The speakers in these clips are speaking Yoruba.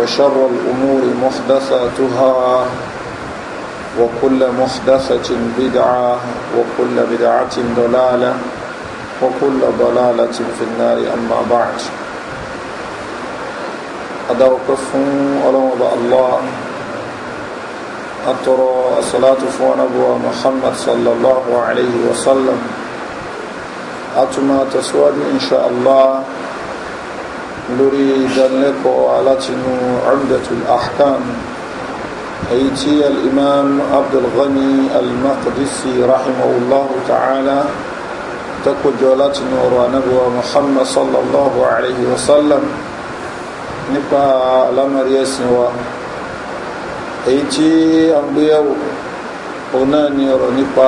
وشر الأمور محدثاتها وكل محدثة بدعة وكل بدعة ضلالة وكل ضلالة في النار أما بعد أدوقف ألوم الله أترى الصلاة نبوة محمد صلى الله عليه وسلم أتما تسود إن شاء الله lórí ìdánilẹ́kọ̀ọ́ alátinú amdatul ahkam èyí tí al'imam abdulghani al-maqdisi rahimahullahu ta'ala takojo látinú ọ̀rọ̀ anábíwa muhammad sallallahu alaihi wasallam nípa alamari ẹ̀sìn wa èyí tí a ń gbéyàwó òun ni ọ̀rọ̀ nípa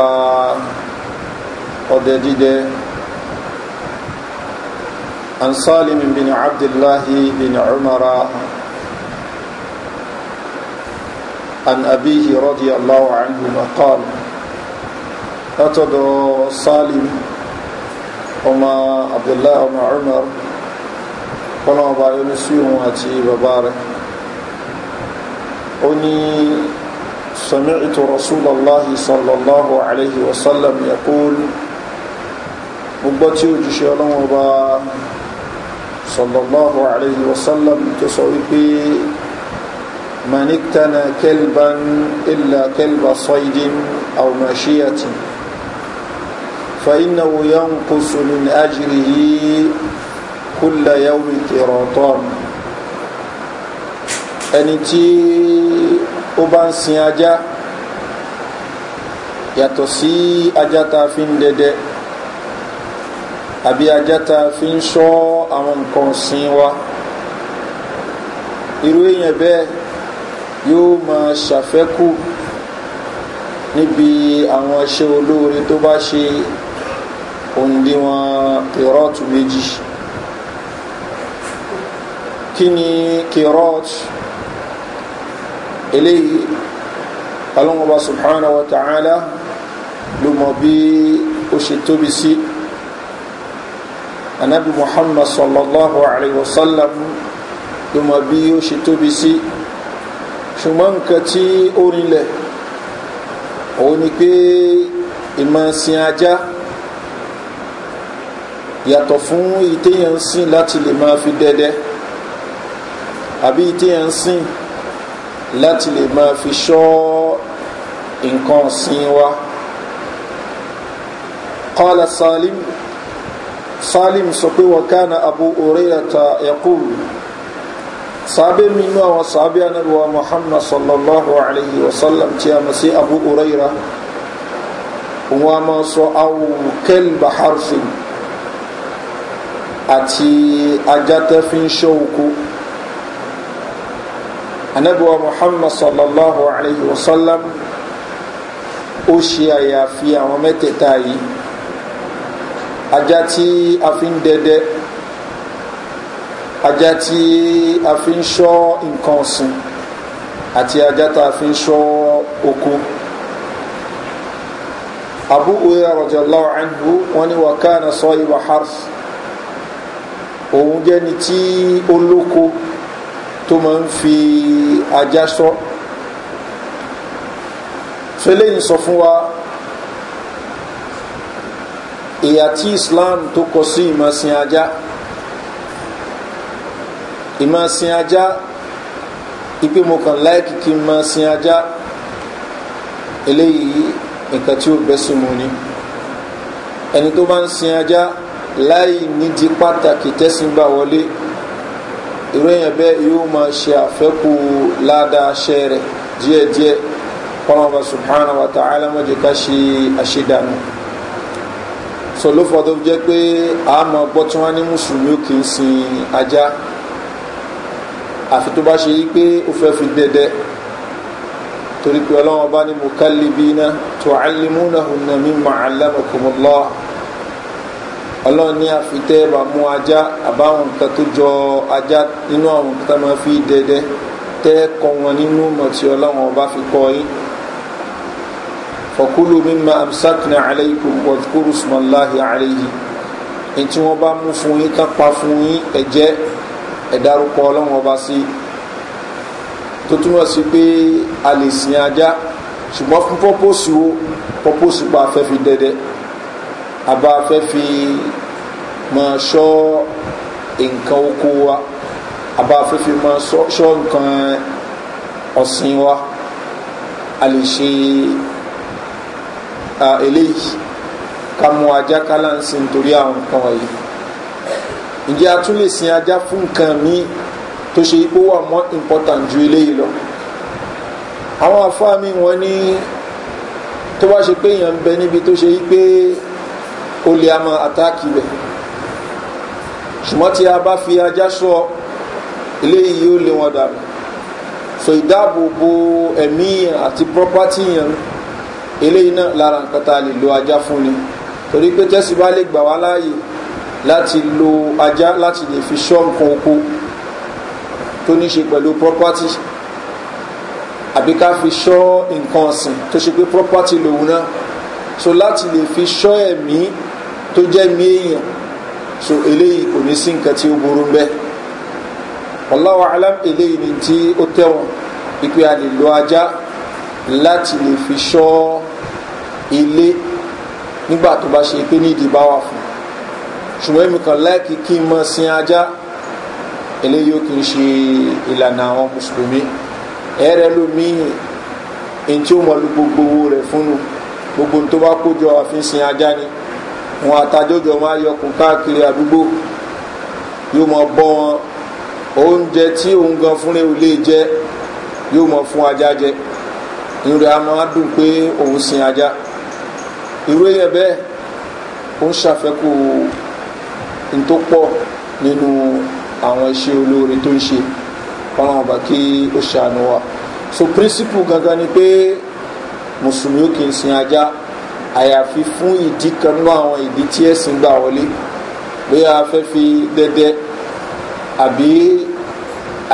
ọdẹ عن سالم بن عبد الله بن عمر عن أبيه رضي الله عنه قال أتدو سالم وما عبد الله وما عمر وما بايون سيوم أتي ببارك أني سمعت رسول الله صلى الله عليه وسلم يقول مبتي وجشي الله sallallahu alayhi wa sallam tó sọ wípé maniktana kelban illa kelba soidin aw mashiyatin فإنه ينقص من أجره كل يوم قراطان ẹni tí ó bá ń sin ajá yàtọ̀ sí ajá tá a fi ń dẹdẹ àbí ajá ta fi ń ṣọ́ àwọn nǹkan ọ̀sìn wa irú èèyàn bẹ́ẹ̀ yóò máa ṣàfẹ́kù níbi àwọn iṣẹ́ olóore tó bá ṣe òǹdíwọ̀n kìrọ́ọ̀tù méjì kí ni kìrọ́ọ̀tù eléyìí alọ́mọba subhanahu wa ta'ala ló mọ̀ bí ó ṣe tóbi sí si anabi muhammad sallallahu alayhi wa sallam ló mọ bí ó ṣe tóbi sí ṣùgbọ́n nǹkan tí ó rinlẹ̀ òun ni pé ìmọ̀ sin ajá yàtọ̀ fún ìtẹ́yàn sìn láti lè máa fi dẹ́dẹ́ àbí ìtẹ́yàn láti lè máa fi ṣọ́ nǹkan sìn wa. قال سالم salim sọ pé wọ́n ká na abu hurairata yaqul sábẹ́ mi inú àwọn sábẹ́ anábíwá muhammad sallallahu alayhi wa sallam tí a mọ̀ sí abu huraira wọ́n a máa sọ awu kẹ́lbà harfin àti ajátẹ́fín ṣọ́ọ̀kú anabiwa muhammad sallallahu alayhi wa sallam ó ṣe àyàfi àwọn mẹ́tẹ̀ẹ̀ta yìí ajá tí a fi ń dẹdẹ ajá tí a fi ń ṣọ́ nǹkan ọ̀sìn àti ajá tá a fi ń ṣọ́ oko abu uya rajallahu anhu wọn ni wakana sọ ibà hars òun jẹ́ni tí olóko tó máa ń fi ajá ṣọ́ fẹlẹ́yìn sọ fún wa ìyà tí islam tó kọ sí ìmọ̀sìn ajá ìmọ̀sìn ajá ipe mo kàn láìkì kí n máa sin ajá eléyìí nǹkan tí ó bẹ́sùn mu ni ẹni tó bá ń sin ajá láì nídìí pàtàkì tẹ́sìn gbà wọlé irú èèyàn bẹ́ẹ̀ yóò máa ṣe àfẹ́kù ládàá ṣẹ́ rẹ̀ díẹ̀díẹ̀ kọ́nà subhanahu wa ta'ala mọ̀jẹ̀ká ṣe àṣedànù so ló fọ́ tó jẹ́ pé a mọ̀ gbọ́ tí wọ́n ní mùsùlùmí ò kì í sin ajá àfi tó bá ṣe yí pé ó fẹ́ fi dẹ́dẹ́ torí pé ọlọ́wọ́n bá ní mukallibina tu'allimunahunna mimma 'allamakumullah ọlọ́run ní àfitẹ́ bá mú ajá àbáwọn nǹkan tó jọ ajá nínú àwọn nǹkan tó máa fi dẹ́dẹ́ tẹ́ kọ́ wọn nínú mọ̀ tí ọlọ́wọ́n bá fi kọ́ yín fọkúlù mímọ amsakna aleikum wàdúkúrú sùmọ́láhi aleihi ní tí wọ́n bá mú fún yín tán pa fún yín ẹ̀jẹ̀ ẹ̀dárúkọ ọlọ́run ọba sí tó túmọ̀ sí pé a lè sin ajá ṣùgbọ́n fún pọ́pọ́sì wo pọ́pọ́sì pa afẹ́ fi dẹ́dẹ́ àbá afẹ́ fi máa ṣọ́ nǹkan oko wa àbá afẹ́ fi máa ṣọ́ nǹkan ọ̀sìn wa a lè ṣe eléyìí ká mú ajá kálá ń sin torí àwọn nǹkan wọ̀nyí ǹjẹ́ a tún lè sin ajá fún nǹkan míì tó ṣe ipò wà mọ́ important ju eléyìí lọ àwọn afáàmì wọn ní tó bá ṣe pé èèyàn ń bẹ níbi tó ṣe pé olè a àtáàkì rẹ̀ ṣùgbọ́n tí a bá fi ajá sọ eléyìí yóò lé wọn dànù so ìdáàbòbò ẹ̀mí àti property yẹn eléyìí náà lára nǹkan tá a lè lo ajá fún ni torí pé tẹ́sí bá lè gbà wá láàyè láti lo ajá láti lè fi ṣọ́ nǹkan oko tó ní ṣe pẹ̀lú property àbí ká fi ṣọ́ nǹkan ọ̀sìn tó ṣe pé property lòun náà so láti lè fi ṣọ́ ẹ̀mí tó jẹ́ mí èèyàn so eléyìí kò ní sí nǹkan tí ó burú ń bẹ́ ọláwàhálà eléyìí ni tí ó tẹ̀wọ̀n ìpè àlè lo ajá láti lè fi ṣọ́ ilé nígbà tó bá ṣe pé nídìí bá wà fún ṣùgbọ́n èmi kan láìkí kí n mọ sin ajá eléyìí ó kì í ṣe ìlànà àwọn mùsùlùmí ẹ̀rẹ́ lómiì èyí tí ó mọ̀ lu gbogbo owó rẹ̀ fún un gbogbo tó bá kójọ àfi sin ajá ni wọn àtàjọjọ máa yọkùn káàkiri àdúgbò yóò mọ bọ́ wọn oúnjẹ tí òun gan fúnra ò lè jẹ yóò mọ fún ajá jẹ inú rẹ̀ a máa dùn pé òun sin ajá irú èèyàn bẹ́ẹ̀ ó ń ṣàfẹ́kù n tó pọ̀ nínú àwọn iṣẹ́ olóore tó ń ṣe ọlọ́run ọba kí ó ṣàánú wa so principle gangan ni pé mùsùlùmí ó kì í sin ajá àyàfi fún ìdí kan nínú àwọn ìdí tí ẹ̀sìn gbà wọlé bóyá a fẹ́ fi dẹ́dẹ́ àbí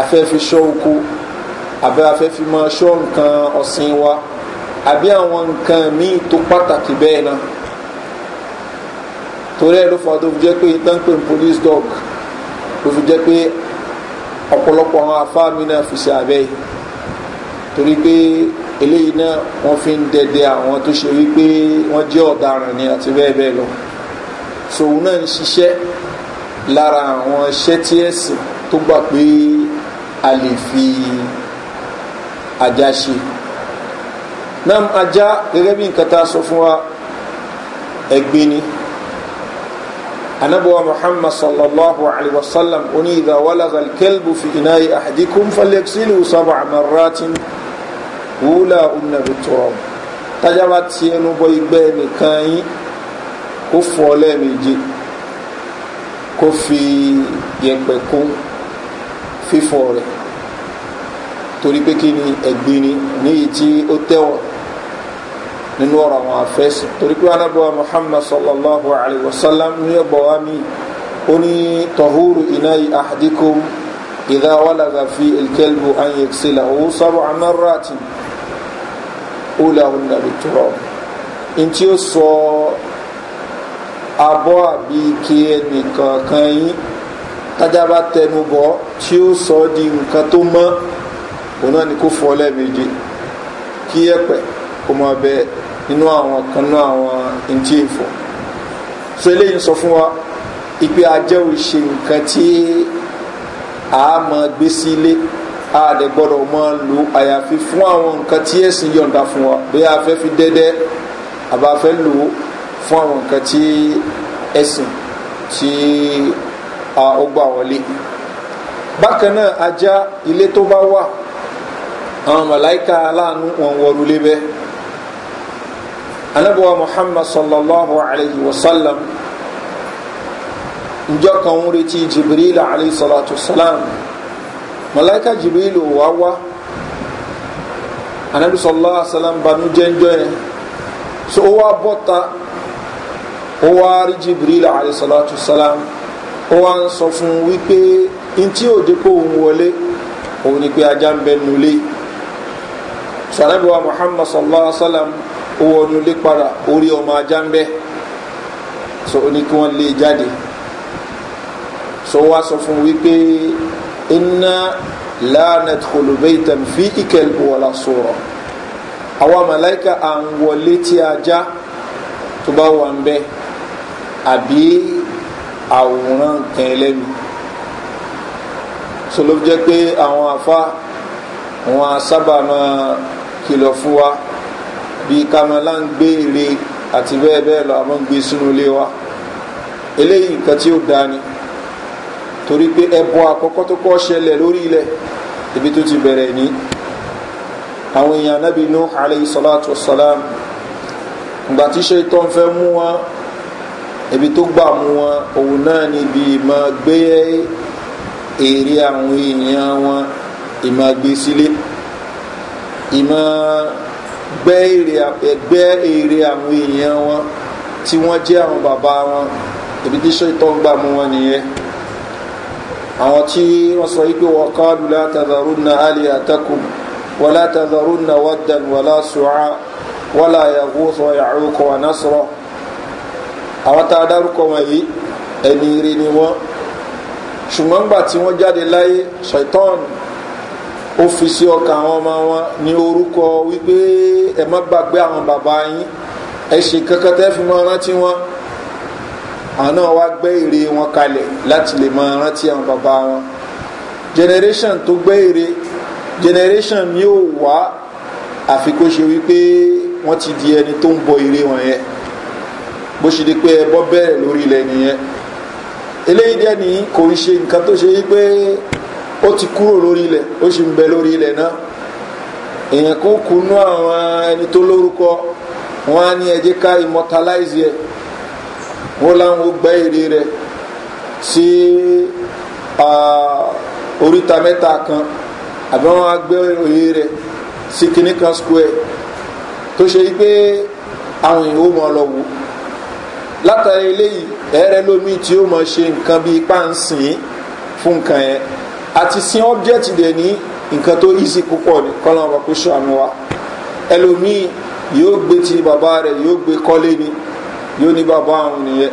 a fẹ́ fi ṣọ́ oko àbí afẹ́ fi máa ṣọ́ nǹkan ọ̀sìn wa àbí àwọn nǹkan míì tó pàtàkì bẹ́ẹ̀ náà torí ẹ̀ ló fà tó fi jẹ́ pé tán pé police dog ló fi jẹ́ pé ọ̀pọ̀lọpọ̀ àwọn afá mi náà fi ṣe abẹ́ yìí torí pé eléyìí náà wọ́n fi ń dẹdẹ àwọn tó ṣe wípé wọ́n jẹ́ ọ̀daràn ni àti bẹ́ẹ̀ bẹ́ẹ̀ lọ sòun náà ń ṣiṣẹ́ lára àwọn iṣẹ́ tó gbà pé a lè fi ajá ṣe náà ajá gẹ́gẹ́ bí nǹkan tá a sọ fún wa ẹgbẹ́ ni anabuwa muhammad sallallahu alaihi wasallam oní idha walagha alkalbu fi inayi ahadikum falyaghsilu sab'a marratin wúlà ọ̀nà bìtọ̀rọ̀ tájà bá ti bọ igbẹ́ nìkan yín kó fọ lẹ́ẹ̀mejì kó fi yẹpẹ̀ kún fífọ rẹ̀ torí pé kí ni ẹ̀gbin ni níyì tí ó tẹ̀wọ̀n nínú ọ̀rọ̀ àwọn afẹ́sì torí pé anábọ̀ muhammad sallallahu alayhi wa sallam ní ọgbọ̀ wa mi ó ní tọ̀húrù iná àdíkùn ìdá wàlàgà fi ìkẹlbù ayé sílẹ̀ òun sábà amẹ́rọ̀tì ó làwọn nàbì tọrọ in tí ó sọ abọ́ àbí ike ẹnìkan kan yín tájábá tẹnubọ̀ tí ó sọ di nǹkan tó mọ́ òun náà ni kó fọ lẹ́ẹ̀mejì kí ẹ̀pẹ̀ kó máa bẹ nínú àwọn kan àwọn ntí ìfọ̀ so eléyìí sọ fún wa ìpè ajẹ́ ò ṣe nǹkan tí a máa gbé sí ilé a dẹ̀ gbọ́dọ̀ máa lo àyàfi fún àwọn nǹkan tí ẹ̀sìn yọ̀ǹda fún wa bí a fẹ́ fi dẹ́dẹ́ àbá fẹ́ lò ó fún àwọn nǹkan tí ẹ̀sìn tí ó gbà wọlé bákan náà ajá ilé tó bá wà àwọn màláìka aláàánú wọn wọ̀rú lébẹ́ anabuwa muhammad sallallahu alayhi wa sallam njọ kan ń retí jibril alayhi salatu salam màláìka jibril ò wá wá anabi sallallahu alayhi wa sallam banújẹ́ njọ́ yẹn so ó wá bọ́ta ó wá rí alayhi salatu salam ó wá ń sọ fún wípé ntí òde kó òun ni pé ajá ń bẹ sanabiwa muhammad sallallahu alaihi wa sallam owó ni olè para orí ọmọ ajá ń bẹ́ so ní kí wọ́n lè e jáde so wá sọ fún wípé iná lánàt kòlùbẹ́ìtàn fi ìkẹl wọlá sọ̀rọ̀ àwọn màláìka à ń wọlé tí ajá tó bá wà ń bẹ́ àbí àwòrán nǹkan ẹlẹ́nu so ló jẹ́ pé àwọn afá wọn sábà máa kìlọ̀ fún wa bíi kamala ń gbé ire àti bẹ́ẹ̀ bẹ́ẹ̀ lọ àmọ́ ń gbé sínú ilé wa eléyìí nǹkan tí ó da ni torí pé ẹbọ àkọ́kọ́ tó kọ́ ṣẹlẹ̀ lórí ilẹ̀ ibi tó ti bẹ̀rẹ̀ ní àwọn èèyàn nábi inú alayhi salatu wasalam ìgbà tí ṣe tó ń fẹ́ mú wọn ibi tó gbà mú wọn òun náà ni ibi ìmọ̀ gbé èrè àwọn èèyàn wọn ìmọ̀ gbé sílé. Si ìmọ̀ gbẹ́ èrè àwọn èèyàn wọn tí wọ́n jẹ́ àwọn bàbá wọn ibi tí ṣètò ń gbà mú wọn nìyẹn àwọn tí wọ́n sọ wípé wọ́n kọ́lù látàdàrú na alì àtẹ́kùn wọ́n látàdàrú na wọ́dàn wọ́n lásùá wọ́n láyàwó sọ yàrúkọ wọn násọ̀rọ̀ àwọn tá a dárúkọ wọn yìí ẹni rí ni wọ́n ṣùgbọ́n gbà tí wọ́n jáde láyé ṣètọ́nù ó fi sí ọkàn àwọn ọmọ wọn ní orúkọ wípé ẹ má gbàgbé àwọn bàbá yín ẹ ṣe kankan tẹ́ fi máa rántí wọn àwọn náà wá gbé ère wọn kalẹ̀ láti lè máa rántí àwọn bàbá wọn generation tó gbé ère generation mi ò wá àfi kó ṣe wípé wọ́n ti di ẹni tó ń bọ ère wọn yẹn bó ṣe di pé ẹbọ bẹ̀rẹ̀ lórí ilẹ̀ nìyẹn eléyìí dẹ́ni kò ń ṣe nǹkan tó ṣe wípé ó ti kúrò lórí ilẹ̀ ó sì ń bẹ lórí ilẹ̀ náà èèyàn kó kunú àwọn ẹni tó lórúkọ wọn á ní ẹjẹ ká immortalize ẹ wọn ó gbẹ èrè rẹ sí oríta kan àbí wọn á gbẹ òye rẹ sí kinní kan square tó ṣe yí pé àwọn èèyàn ó mọ ọ lọ wò látàrí eléyìí lómi tí ó mọ àti sin object dẹ̀ ní nǹkan tó easy púpọ̀ ní kọ́lọ́n ọba kó ṣàánú wa ẹlòmíì yóò gbé ti bàbá rẹ̀ yóò gbé kọ́lé ni yóò ní bàbá àwọn nìyẹn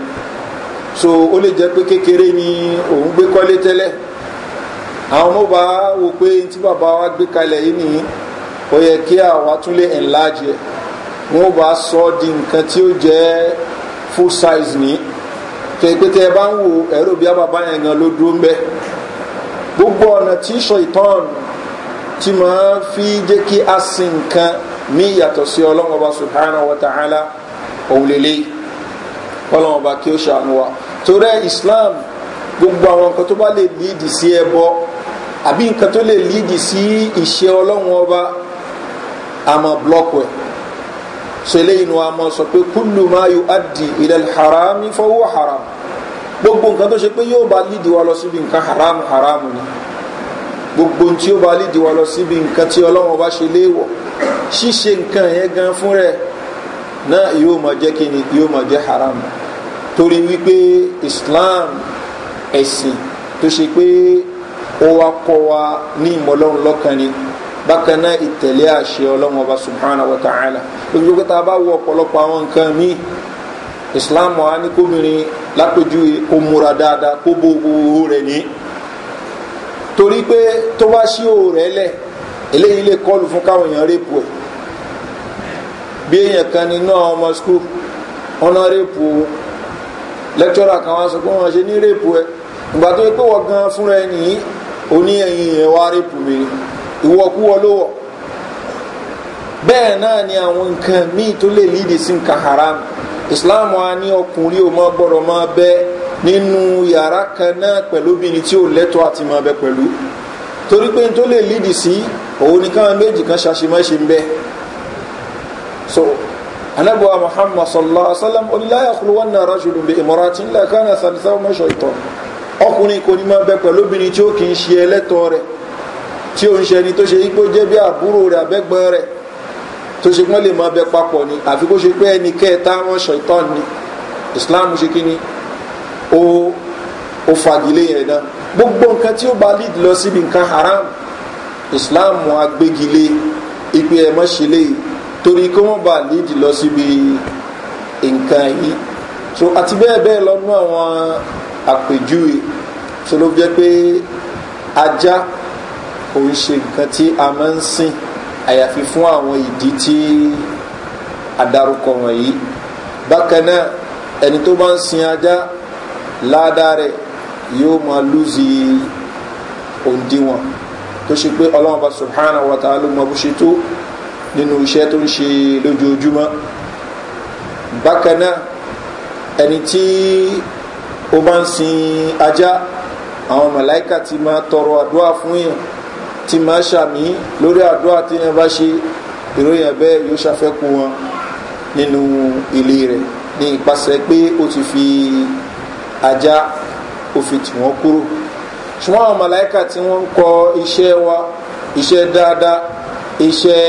so ó lè jẹ́ pé kékeré ni òun gbé kọ́lé tẹ́lẹ̀ àwọn ọmọ bá wo pé tí bàbá wa gbé kalẹ̀ yìí nìyí ó yẹ kí àwa tún lè enlarge ẹ̀ wọ́n bá sọ ọ́ di nǹkan tí ó jẹ́ full size ni tẹ̀ pé tẹ́ ẹ bá ń wo ẹ̀rọ bí bàbá yẹn gan ló dúró ń bẹ́ẹ̀ gbogbo ọ̀nà tí ṣèitán ti máa fi jẹ́ kí a sin nǹkan mí yàtọ̀ sí ọlọ́run ọba subhanahu wa ta'ala òun lélẹ́yìí ọlọ́run ọba kí ó ṣàánú wa torí islam gbogbo àwọn nǹkan tó bá lè lídì sí ẹbọ àbí nǹkan tó lè lídì sí ìṣe ọlọ́run àmọ́ blọọkù ẹ̀ so ni wọ́n mọ̀ sọ pé kúlù máa yọ adì ilẹ̀ haram ní fọwọ́ haram gbogbo nǹkan tó ṣe pé yóò bá lídi wa lọ síbi nǹkan haramu haramu ni gbogbo tí ó bá lídi wa lọ síbi nǹkan tí ọlọ́wọ́n bá ṣe léèwọ̀ ṣíṣe nǹkan yẹn gan fún rẹ̀ náà yóò mọ̀ jẹ́ kí ni yóò mọ̀ jẹ́ haramu torí wípé islam ẹ̀sìn tó ṣe pé ó wá kọ́ wa ní ìmọ̀lọ́run lọ́kàn ni bákan náà ìtẹ̀lé àṣẹ ọlọ́wọ́n ọba subhanahu wa ta'ala lójú pé tá a bá wọ ọ̀pọ̀lọpọ̀ àwọn nǹkan míì islam wa ni kóbìnrin lápèjúwe kó múra dáadáa kó bo gbogbo rẹ̀ ní torí pé tó bá ṣí òò rẹ̀ lẹ̀ eléyìí lè kọlù fún káwọn èèyàn rèpù ẹ̀ bí èèyàn kan nínú àwọn ọmọ skul wọn náà rèpù lẹ́kítọ́rà kan wá sọ pé wọ́n gan fúnra ẹ̀ nìyí oní ẹ̀yìn yẹn wá mi ló bẹ́ẹ̀ náà ni àwọn nǹkan míì tó lè lídìí sí haram islam wa ní ọkùnrin ò mọ gbọ́dọ̀ máa bẹ nínú yàrá kan náà pẹ̀lú obìnrin tí ò lẹ́tọ̀ọ́ àti máa bẹ pẹ̀lú torí pé n tó lè lídì sí òun ni káwọn méjì kan ṣàṣemáṣe ń bẹ so anabuwa muhammad sallallahu alaihi wa sallam oníláyà kúlúwọ́n náà rajulun bí ìmọ̀ràtí ńlá kánà sàlìsáwọ́ mọ́ṣọ́ ìtọ́ ọkùnrin kò ní máa bẹ pẹ̀lú obìnrin tí ó kì í ṣe ẹlẹ́tọ̀ rẹ̀ tí ó ń ṣe ẹni tó ṣe ipò jẹ́ bí àbúrò rẹ̀ abẹ́gbọ́n rẹ̀ tó ṣe pọ́n lè máa bẹ papọ̀ ni àfi kó ṣe pé ẹni kẹta wọn ṣọ ìtàn ni islam ṣe kí ni ó ó fagilé yẹn náà gbogbo nǹkan tí ó bá lead lọ síbi nǹkan haram islam wọn agbégilé ipe ẹ̀ mọ́ ṣe léyìí torí kí wọ́n bá lead lọ síbi nǹkan yìí so àti bẹ́ẹ̀ bẹ́ẹ̀ lọ́nú àwọn àpèjúwe so ló jẹ́ pé ajá kò ń ṣe nǹkan tí a máa ń sìn àyàfi fún àwọn ìdí tí adarúkọ wọ̀nyí bákan náà ẹni tó bá ń sin ajá ládàá rẹ̀ yóò máa lùzì òǹdíwọ̀n tó ṣe pé ọlọ́run bá subhanahu wa ta'ala mọ bó ṣe tó nínú iṣẹ́ tó ń ṣe lójoojúmọ́ bákan náà ẹni tí ó bá ń sin ajá àwọn mọ̀láìkà ti máa tọrọ àdúrà fún yàn tí máa ṣàmì lórí àdúrà tí yẹn bá ṣe ìròyìn ẹ̀bẹ́ yóò ṣàfẹ́kù wọn nínú ilé rẹ̀ ní ìpasẹ̀ pé ó ti fi ajá òfin tì wọ́n kúrò ṣùgbọ́n àwọn màláìka tí wọ́n ń kọ iṣẹ́ wa iṣẹ́ dáadáa iṣẹ́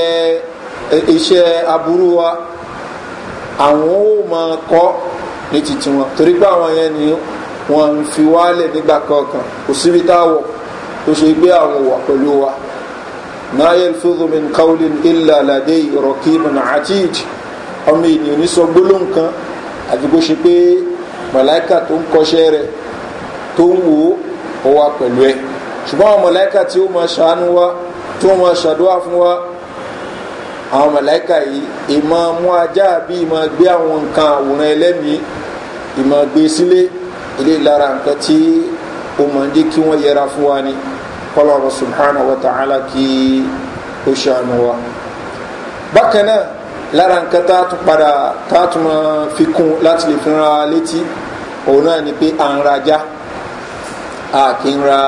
iṣẹ́ aburú wa àwọn ó máa kọ́ ní titi wọn torí pé àwọn yẹn ni wọ́n fi wálẹ̀ nígbà kọ̀ọ̀kan kò síbi tá tó ṣe gbé àwọn wà pẹ̀lú wa ma yalfidhu min qawlin illa ladayhi raqibun atid ọmọ ènìyàn ní sọ gbólóhùn kan àti kó ṣe pé màláìka tó ń kọ́ṣẹ́ rẹ̀ tó ń wò ó wà pẹ̀lú ẹ̀ ṣùgbọ́n àwọn màláìka tí ó máa ṣàánú wa tí máa ṣàdúrà fún wa àwọn màláìka yìí ìmọ̀ mú ajá àbí ìmọ̀ gbé àwọn nǹkan àwòrán ẹlẹ́mìí ìmọ̀ gbé sílé ilé lára nǹkan tí ó mọ̀ ń jẹ́ kí wọ́n yẹra fún wa ni kọ́lọ́rọ̀ subhanahu wa ta'ala kí ó ṣàánú wa bákan náà lára nǹkan tá a tún padà tá a tún máa fi kún láti lè fi ra létí òun náà ni pé à ń ra ajá a kì ń ra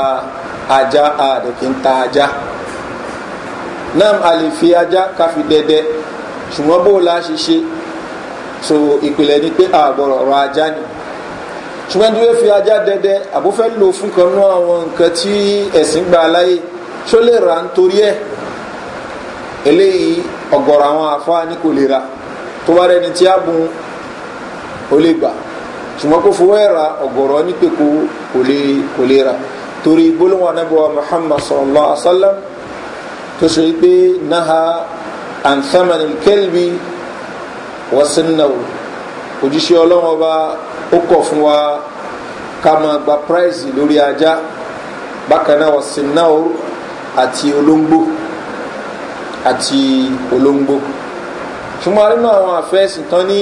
ajá a dẹ̀ kì ń ta ajá náà a lè fi ajá ká fi dẹdẹ ṣùgbọ́n bó o la ṣe ṣe so ìpìlẹ̀ ni pé àgbọ̀rọ̀ ọ̀rọ̀ ajá ni ṣùgbọ́n tí ó fi ajá dẹdẹ àbúfẹ́ lò fún kan náà àwọn nǹkan tí ẹ̀sìn gba aláyè ṣó lè rà nítorí ẹ̀ eléyìí ọ̀gọ̀rọ̀ àwọn àfáà ní kò lè ra tó bá rẹni tí á bùn ó lè gbà ṣùgbọ́n kó fowó ẹ̀ ra ọ̀gọ̀rọ̀ ní pé kò lè ra torí gbólóhùn anábọ̀ muhammad sallallahu alaihi wa sallam tó ṣe pé náà an thamani kelbi wasannawo òjíṣẹ́ ọlọ́run ọba ó kọ̀ fún wa ká máa gba prize lórí ajá bákan náà ọ̀sìn náà àti olóńgbò àti olóńgbò ṣùgbọ́n nínú àwọn àfẹ́sìn tán ní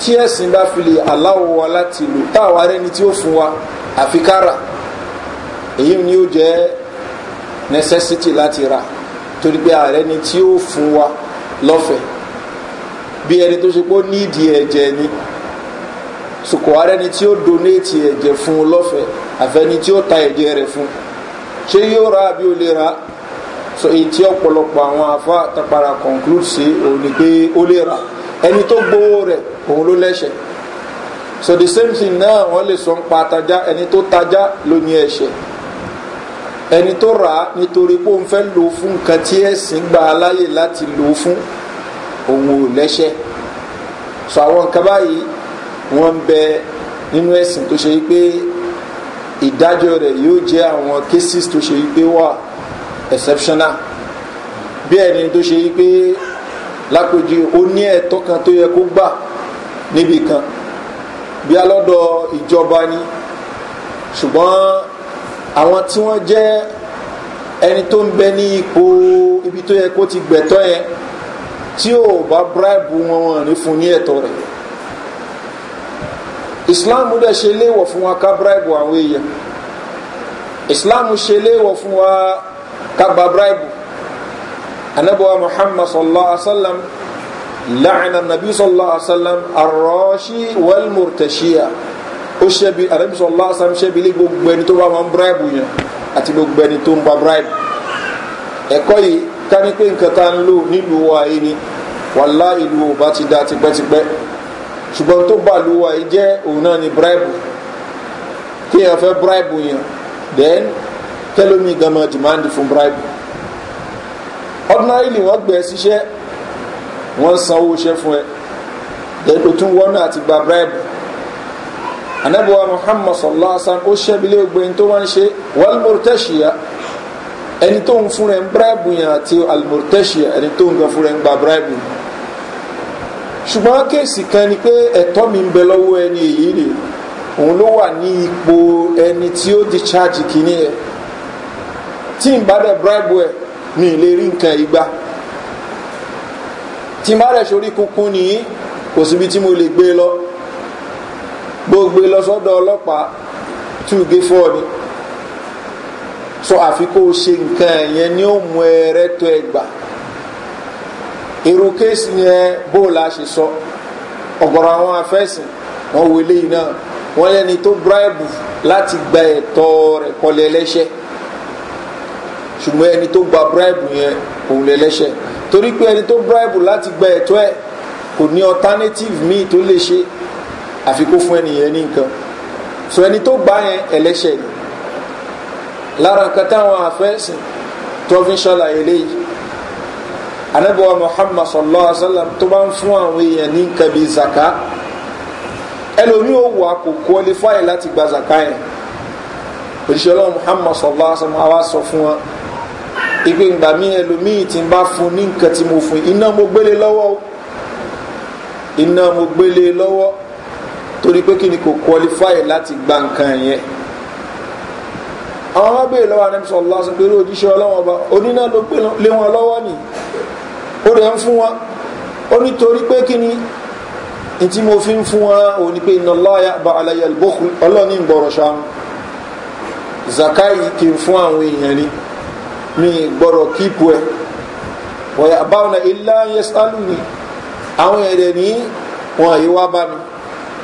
tí ẹ̀sìn bá fi lè aláwọ̀ wa láti lò táwa rẹ́ni tí ó fún wa àfi kára èyí ni ó jẹ́ necessity láti ra torí pé ààrẹ ni tí ó fún wa lọ́fẹ̀ẹ́ bí ẹni tó ṣe pé ó ẹ̀jẹ̀ ni sòkò arẹni tí ó donate ẹ̀jẹ̀ fún un lọ́fẹ̀ẹ́ àfẹni tí ó ta ẹ̀jẹ̀ rẹ̀ fún ṣé yóò ra àbí ó lè ra so èyí tí ọ̀pọ̀lọpọ̀ àwọn afa tapara conclude sí òun ni pé ó lè ra ẹni tó gbowó rẹ̀ òun ló lẹ́sẹ̀ so the same thing náà wọ́n lè sọ ń pa tajá ẹni tó tajá ló ní ẹ̀ṣẹ̀ ẹni tó rà á nítorí pé òun fẹ́ lò fún nǹkan tí ẹ̀sìn gba aláyè láti lò fún òun ò lẹ́ṣẹ̀ sọ àwọn nǹkan báyìí wọ́n ń bẹ nínú ẹ̀sìn tó ṣe wípé ìdájọ́ rẹ̀ yóò jẹ́ àwọn cases tó ṣe wípé wà exceptional bí ẹni tó ṣe wípé lápèjì ó ní ẹ̀tọ́ kan tó yẹ kó gbà níbì kan bí alọ́dọ̀ ìjọba ni ṣùgbọ́n àwọn tí wọ́n jẹ́ ẹni tó ń bẹ ní ipò ibi tó yẹ kó ti gbẹ̀tọ́ yẹn tí ò bá bíráìbù wọn wọn ní fún ní ẹ̀tọ́ rẹ̀ islam dẹ̀ ṣe léèwọ̀ fún wa ká bíráìbù àwọn èèyàn islam ṣe léèwọ̀ fún wa ká gba bíráìbù anabuwa muhammad sallallahu alaihi wa sallam láàrin anabi sallallahu alaihi wa sallam arọ́ṣí wẹ́lmùrtẹ̀ṣíà ó ṣẹ́bi anabi sallallahu alaihi wa sallam ṣẹ́bi lé gbogbo ẹni tó bá máa ń yẹn àti gbogbo ẹni tó ń gba bíráìbù ẹ̀kọ́ ká ní pé nǹkan tá ń lò wa yìí ni wàlá ìlú ò bá ti da tipẹ́tipẹ́ ṣùgbọ́n tó bá lu wa yìí jẹ́ òun náà ni bribe kí èèyàn fẹ́ bribe yẹn then tẹ́lómi gama demand fún bribe ordinarily wọ́n gbẹ̀ síṣẹ́ wọ́n sanwó iṣẹ́ fún ẹ then o tún wọ́n náà ti gba bribe anabiwa muhammad sallallahu alaihi wa sallam ó ṣẹ́bi lé gbẹ̀yìn tó wá ń ṣe wàlmọ́rù ẹni tó ń fún rẹ̀ ń bíráìbù yẹn àti alimọ̀tẹ́ṣìyà ẹni tó ń gan fún rẹ̀ ń gba bíráìbù ṣùgbọ́n kéèsì kan ni pé ẹ̀tọ́ mi ń bẹ lọ́wọ́ ẹni èyí rè òun ló wà ní ipò ẹni tí ó di chaajì kìíní ẹ̀ tí n bá dẹ̀ bíráìbù ẹ̀ mi lè rí nǹkan ìgbà tí n bá dẹ̀ sórí kunkun nìyí kò síbi tí mo lè gbé lọ gbogbo lọ sọ́dọ̀ ọlọ́pàá tùgé fọ́ọ̀ ni so àfi kó o ṣe nǹkan yẹn ní ó mú ẹrẹ tó ẹ gbà èrò kéésì yẹn bóòlù àṣẹ sọ ọ̀gọ̀rọ̀ àwọn afẹ́sìn wọn wo eléyìí náà wọn lẹni tó bíráìbù láti gba ẹ̀tọ́ rẹ̀ kọ́lé ẹlẹ́ṣẹ̀ ṣùgbọ́n ẹni tó gba bíráìbù yẹn òun lẹ́lẹ́ṣẹ̀ torí pé ẹni tó bíráìbù láti gba ẹ̀tọ́ ẹ̀ kò ní alternative míì tó lè ṣe àfi fún ẹnìyẹn ní nǹkan so ẹni tó gbá yẹn ẹlẹ́ṣẹ̀ ni lára nǹkan táwọn àfẹ́sìn tó fi ń ṣàlàyé léyìí anábọ̀wá muhammad sallallahu alaihi wa sallam tó bá ń fún àwọn èèyàn ní nǹkan bíi zaka ẹlòmíì ò wà kò kọ́lifáì láti gba zaka yẹn òṣìṣẹ́ ọlọ́run muhammad sallallahu alaihi wa sallam àwa sọ fún wọn ìpè ìgbà mi ẹlòmíì ti ń bá fún ní nǹkan mo fún iná mo gbélé lọ́wọ́ iná mo gbélé lọ́wọ́ torí pé kí ni kò kọ́lifáì gba nǹkan yẹn àwọn ọmọ bèèrè lọ́wọ́ anẹ́bí sọ̀rọ̀ lásán pé òjíṣẹ́ ọlọ́wọ́ ọba oníná ló gbé lé wọn lọ́wọ́ nì ó rẹ̀ ń fún wọn ó nítorí pé kí ni ní tí mo fi ń fún wọn ò ní pé iná bá alayé bókun ọlọ́ọ̀ni ìgbọ̀rọ̀ ṣàánú zakai kì í fún àwọn èèyàn ni mi gbọ́dọ̀ kíìpù ẹ̀ wọ̀yà báwọn ilá yẹ sálù ni àwọn èèyàn ní wọn àyè wá bá mi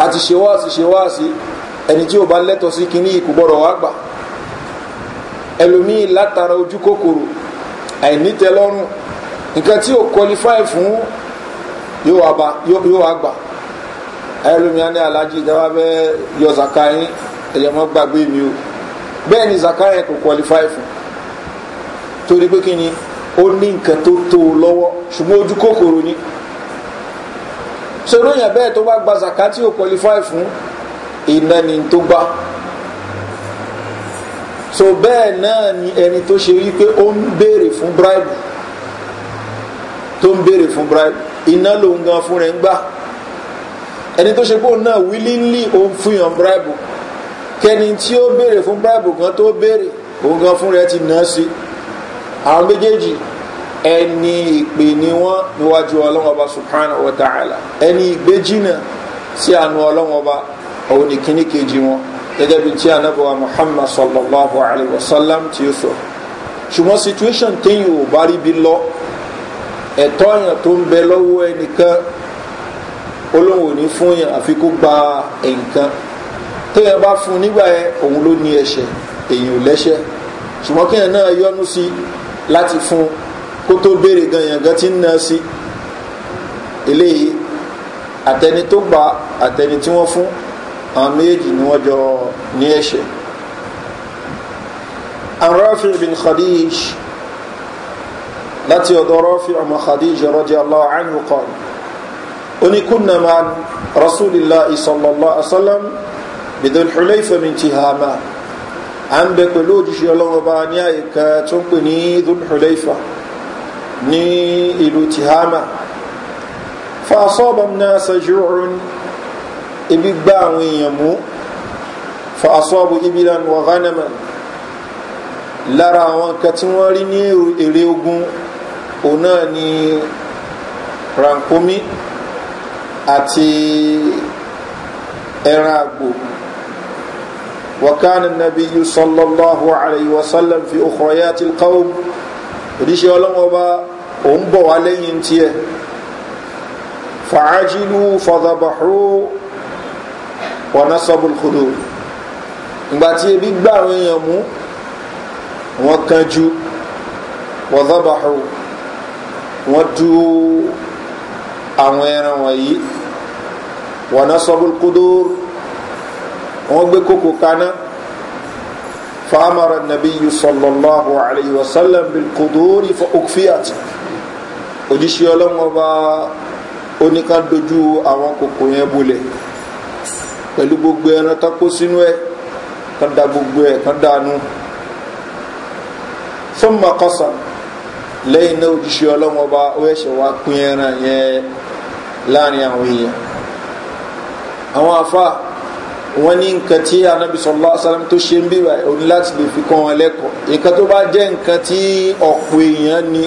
àti ṣe wáàsí ṣe wáàsí ẹni tí ò bá lẹ́tọ̀ sí kinní ìkú gbọ́dọ̀ wá gbà ẹlòmíì látara ojú kòkòrò àìnítẹlọ́rùn nǹkan tí ò qualify fún yóò wá gbà ẹlòmíì á ní alájí ìjọba bẹ́ẹ̀ yọ zaka yín ẹ̀yẹ gbàgbé mi o bẹ́ẹ̀ ni zaka kò qualify fún torí pé kí ni ó ní nǹkan tó tó lọ́wọ́ ṣùgbọ́n ojú kòkòrò ni sọ̀rọ̀ yẹn bẹ́ẹ̀ tó bá gba zaka tí ò qualify fún iná ni tó gbà so bẹ́ẹ̀ náà ni ẹni tó ṣe wípé ó ń béèrè fún bribe tó ń béèrè fún bribe iná ló ń gan fún rẹ̀ ń gbà ẹni tó ṣe pé òun náà willingly ó ń fún yàn bribe kẹni tí ó béèrè fún bribe gan tó béèrè òun gan fún rẹ̀ ti nà á sí àwọn méjèèjì ẹni ìpè ni wọ́n níwájú ọlọ́wọ́n ọba subhanahu wa ta'ala ẹni ìgbéjìnà sí àánú ọlọ́wọ́n ọba òun ìkíní kejì wọn gẹ́gẹ́ bí tí anábọ̀wá muhammad sallallahu alayhi wa sallam ti sọ ṣùgbọ́n situation téyìn ò bá rí bí lọ ẹ̀tọ́ yàn tó ń bẹ lọ́wọ́ ẹnìkan olóhùn ò ní fún yàn àfi kó gba nǹkan téyàn bá fún nígbà yẹn òun ló ní ẹ̀ṣẹ̀ èyàn ò lẹ́ṣẹ̀ ṣùgbọ́n kéèyàn náà yọnu sí láti fún kó tó béèrè gan yàn gan ti ń na sí eléyìí àtẹni tó gbà àtẹni tí wọ́n fún àwọn méjì ni wọ́n jọ ní ẹ̀ṣẹ̀ arafi bin khadij láti ọ̀dọ̀ rafi ọmọ khadij rọ́jẹ́ allah anhu kan oníkùnà ma rasulillah isallallahu asalam bidon xulayfa min tihama à ń bẹ pẹ̀lú òjíṣẹ́ ọlọ́wọ́ bá ní àyíká tó ń pè ní dun xulayfa ní ìlú tihama fa asọ́bam náà sa jùrùn ibi gbá àwọn èèyàn mú fa asọ́bù ibilan wa ghanaman lára àwọn nǹkan tí wọ́n rí ní èrè ogun òun náà ni rankomi àti ẹran àgbò wakana nabiyu sallallahu alayhi wa sallam fi ukhrayati alqawm òdíṣẹ́ ọlọ́wọ́ bá òun bọ̀ wá lẹ́yìn tiẹ̀ fa'ajilu fadabahu wọ̀nà sọ́bùlùkùdù ìgbà tí ebi gbà àwọn èèyàn mú wọ́n kan ju wọ́n zọ́bàáhù wọ́n du àwọn ẹran wọ̀nyí wọ̀nà sọ́bùlùkùdù wọ́n gbé kókò kaná fàámàrà nàbí sọlọ́láhù àlẹ́yìn wasallam bilkuduri fún okfiat òjíṣẹ́ ọlọ́mọba oníkan àwọn kòkò yẹn bulẹ̀ pẹ̀lú gbogbo ẹran tán kó sínú ẹ̀ kan da gbogbo ẹ̀ kan dànù fún makọ́sà lẹ́yìn náà òjíṣẹ́ ọlọ́wọ́n ọba ó ẹ̀ṣẹ̀ wá pín ẹran yẹn láàrin àwọn èèyàn àwọn afa wọn ní nǹkan tí anabi asalam tó ṣe ń bí wa òní láti lè fi kọ́ wọn lẹ́kọ̀ọ́ nǹkan tó bá jẹ́ nǹkan tí ọ̀pọ̀ èèyàn ni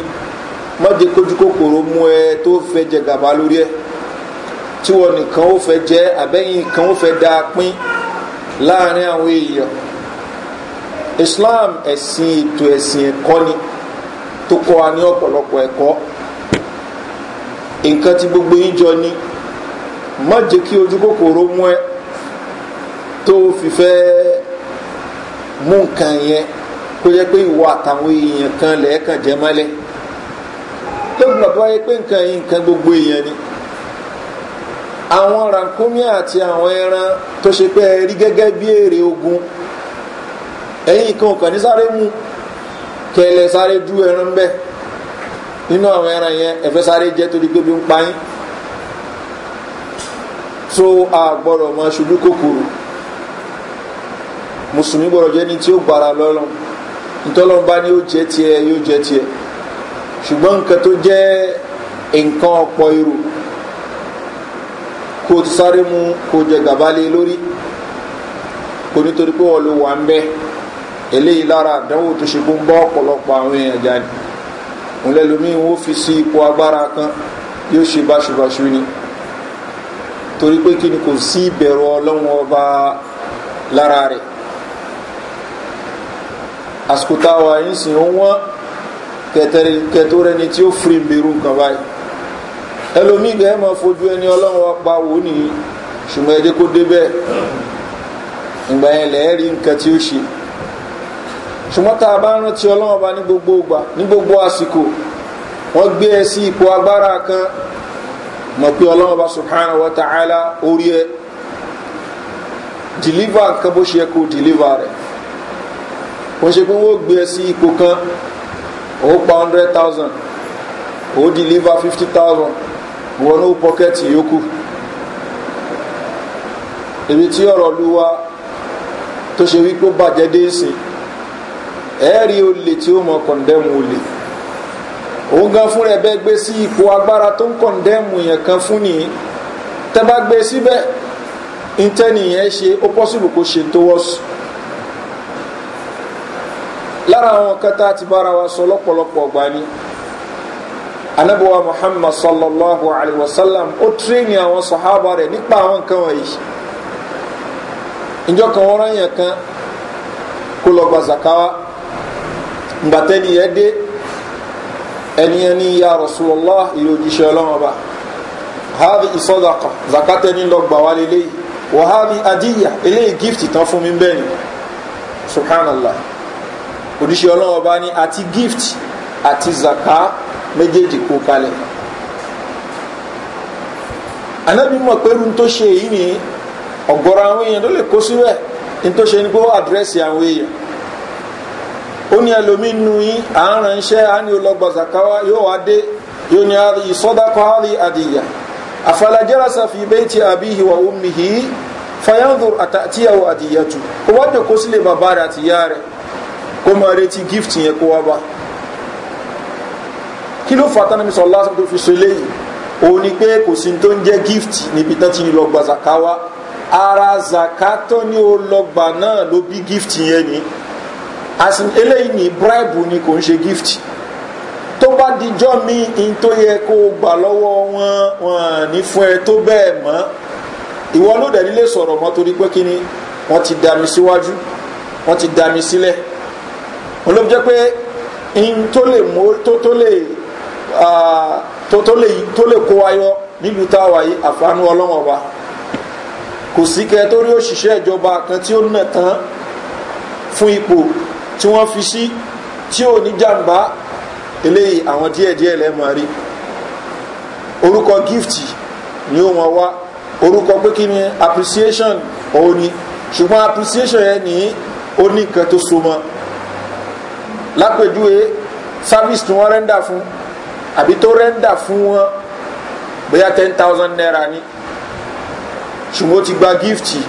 mọ́jẹ́ kójú kòkòrò mú ẹ tó fẹ́ jẹ gàba lórí ẹ̀ tí wọn nìkan ó fẹ́ jẹ́ abẹ́yìn kan ó fẹ́ dáa pín láàrin àwọn èèyàn islam ẹ̀sìn ètò ẹ̀sìn ẹ̀kọ́ ni tó kọ́ wa ní ọ̀pọ̀lọpọ̀ ẹ̀kọ́ nǹkan tí gbogbo yín jọ ni má jẹ́ kí ojú kòkòrò mú ẹ tó fi fẹ́ mú nǹkan yẹn kó jẹ́ pé ìwọ àtàwọn èèyàn kan lẹ́ẹ̀kan jẹ́ mọ́lẹ̀ lóògùn bàbá yẹ pé nǹkan yìí nǹkan gbogbo èèyàn ni àwọn rànkúnmí àti àwọn ẹran tó ṣe pé ẹ rí gẹ́gẹ́ bí èrè ogun ẹ̀yìn kan kàn ní sáré mú kẹlẹ̀ sáré dú ẹran bẹ́ẹ̀ nínú àwọn ẹran yẹn ẹ̀fẹ́ sáré jẹ́ torí pé bí ń pa yín tó a gbọ́dọ̀ mọ ṣubú kòkòrò mùsùlùmí gbọ́dọ̀ jẹ́ ni tí ó gbára lọ́lọ́n ntọ́lọ́n bá ní ó jẹ́ tiẹ̀ yóò jẹ́ tiẹ̀ ṣùgbọ́n nǹkan tó jẹ́ nǹkan ọ̀pọ̀ èrò kó o ti sáré mu kó o jẹ gàba lé lórí kó nítorí pé wọ́n ló wà ń bẹ́ eléyìí lára àdánwò tó ṣe kó ń bọ́ ọ̀pọ̀lọpọ̀ àwọn èèyàn jáde òun lẹ́lòmíín ó fi sí ipò agbára kan yóò ṣe báṣubàṣu ni torí pé kí ni kò sí ìbẹ̀rù ọlọ́run ọba lára rẹ̀ àsìkò táwa yìí sìn ó wọ́n kẹtẹrẹ kẹtó rẹni tí ó firi ń nǹkan báyìí ẹlòmíì bẹ́ẹ̀ mọ fojú ẹni ọlọ́run ọpa wò ní ṣùgbọ́n ẹdí kó débẹ̀ ìgbà yẹn lẹ́ẹ̀rí nǹkan tí ó ṣe ṣùgbọ́n tá a bá rántí ọlọ́run ọba ní gbogbo ìgbà ní gbogbo àsìkò wọ́n gbé ẹ sí ipò agbára kan mọ̀ pé ọlọ́run ọba subhanahu wa ta'ala orí ẹ deliver nǹkan bó ṣe yẹ kó deliver rẹ̀ wọ́n ṣe pé wọ́n gbé ẹ sí ipò kan ó pa hundred thousand ó deliver fifty thousand wọn ó pọ́kẹ́tì yókù ibi tí ọ̀rọ̀ lu wa tó ṣe wípé ó bàjẹ́ dé sí ẹ̀ẹ́rì olè tí ó mọ kọ̀ǹdẹ́mù olè òun gan fún rẹ̀ bẹ́ẹ̀ gbé sí ipò agbára tó ń kọ̀ǹdẹ́mù yẹn kan fún nìyí tẹ́ bá gbé síbẹ̀ ìtẹ́nìyẹn ṣe ó pọ́sùlù kó ṣe tó wọ́sùn lára àwọn kẹta ti bára wa sọ lọ́pọ̀lọpọ̀ ọgbà ni anabiwa muhammad sallallahu alaihi wasallam ó tírénì àwọn sọ̀hábà rẹ̀ nípa àwọn nǹkan wọ̀nyí ìjọ kan wọ́n ráyàn kan kó lọ gba zakawa ngbàtẹ́ni yẹn dé ẹni yẹn ní ya rasulallah ìlú òjíṣẹ́ ọlọ́wọ́n ba haadi ìsọdàkọ zakatẹni lọ gbà wá lélẹ́yìí wà haadi adíyà eléyìí gífìtì tán fún mi bẹ́ẹ̀ ni subhanallah òjíṣẹ́ ọlọ́wọ́n ba ni àti gífìtì àti zakaa méjèèjì kó kalẹ̀ anabi mọ̀ pé irun tó ṣe èyí ni ọ̀gọ́rọ̀ àwọn èèyàn ló lè kó síbẹ̀ ní tó ṣe ni pé àdírẹ́sì àwọn èèyàn ó ní ẹlòmíín nu yín à ń ránṣẹ́ á ní olọ́gbọ̀n zakawa yóò wá dé yóò ní àdìyà fi bayti àbíhi àdìyà gift yẹn kó a kí ló fàtà nàbí sọ lásán tó fi so eléyìí òun ni pé kò sí tó ń jẹ́ gift níbi tán ti ní lọ gba zaka wa ara zaka tó ní o lọ gbà náà ló bí gift yẹn ni asin eléyìí ni bribe ni kò ń ṣe gift tó bá dijọ́ mi in tó yẹ kó o gbà lọ́wọ́ wọn wọn ní fún ẹ tó bẹ́ẹ̀ mọ́ ìwọ ló dẹ̀ nílé sọ̀rọ̀ mọ́ torí pé kíni wọ́n ti dá mi síwájú wọ́n ti dá mi sílẹ̀ olóòjẹ́ pé in tó lè mú tó tó lè tó lè kó wáyọ nílùú táwa yìí àfánú ọlọ́wọ́n ọba kò sí kẹ tó rí òṣìṣẹ́ ìjọba kan tí ó nà tán fún ipò tí wọ́n fi sí tí ò ní jàǹbá eléyìí àwọn díẹ̀díẹ̀ lẹ́mọ̀ rí orúkọ gift ni ó wọn wá orúkọ pé kí ni appreciation òun ni ṣùgbọ́n appreciation yẹn ní ó ní nǹkan tó so mọ́ lápèjúwe service tí wọ́n rẹ́ńdà fún àbí tó rẹ́ńdà fún wọn bóyá ten thousand naira ni ṣùgbọ́n ti gba gífìtì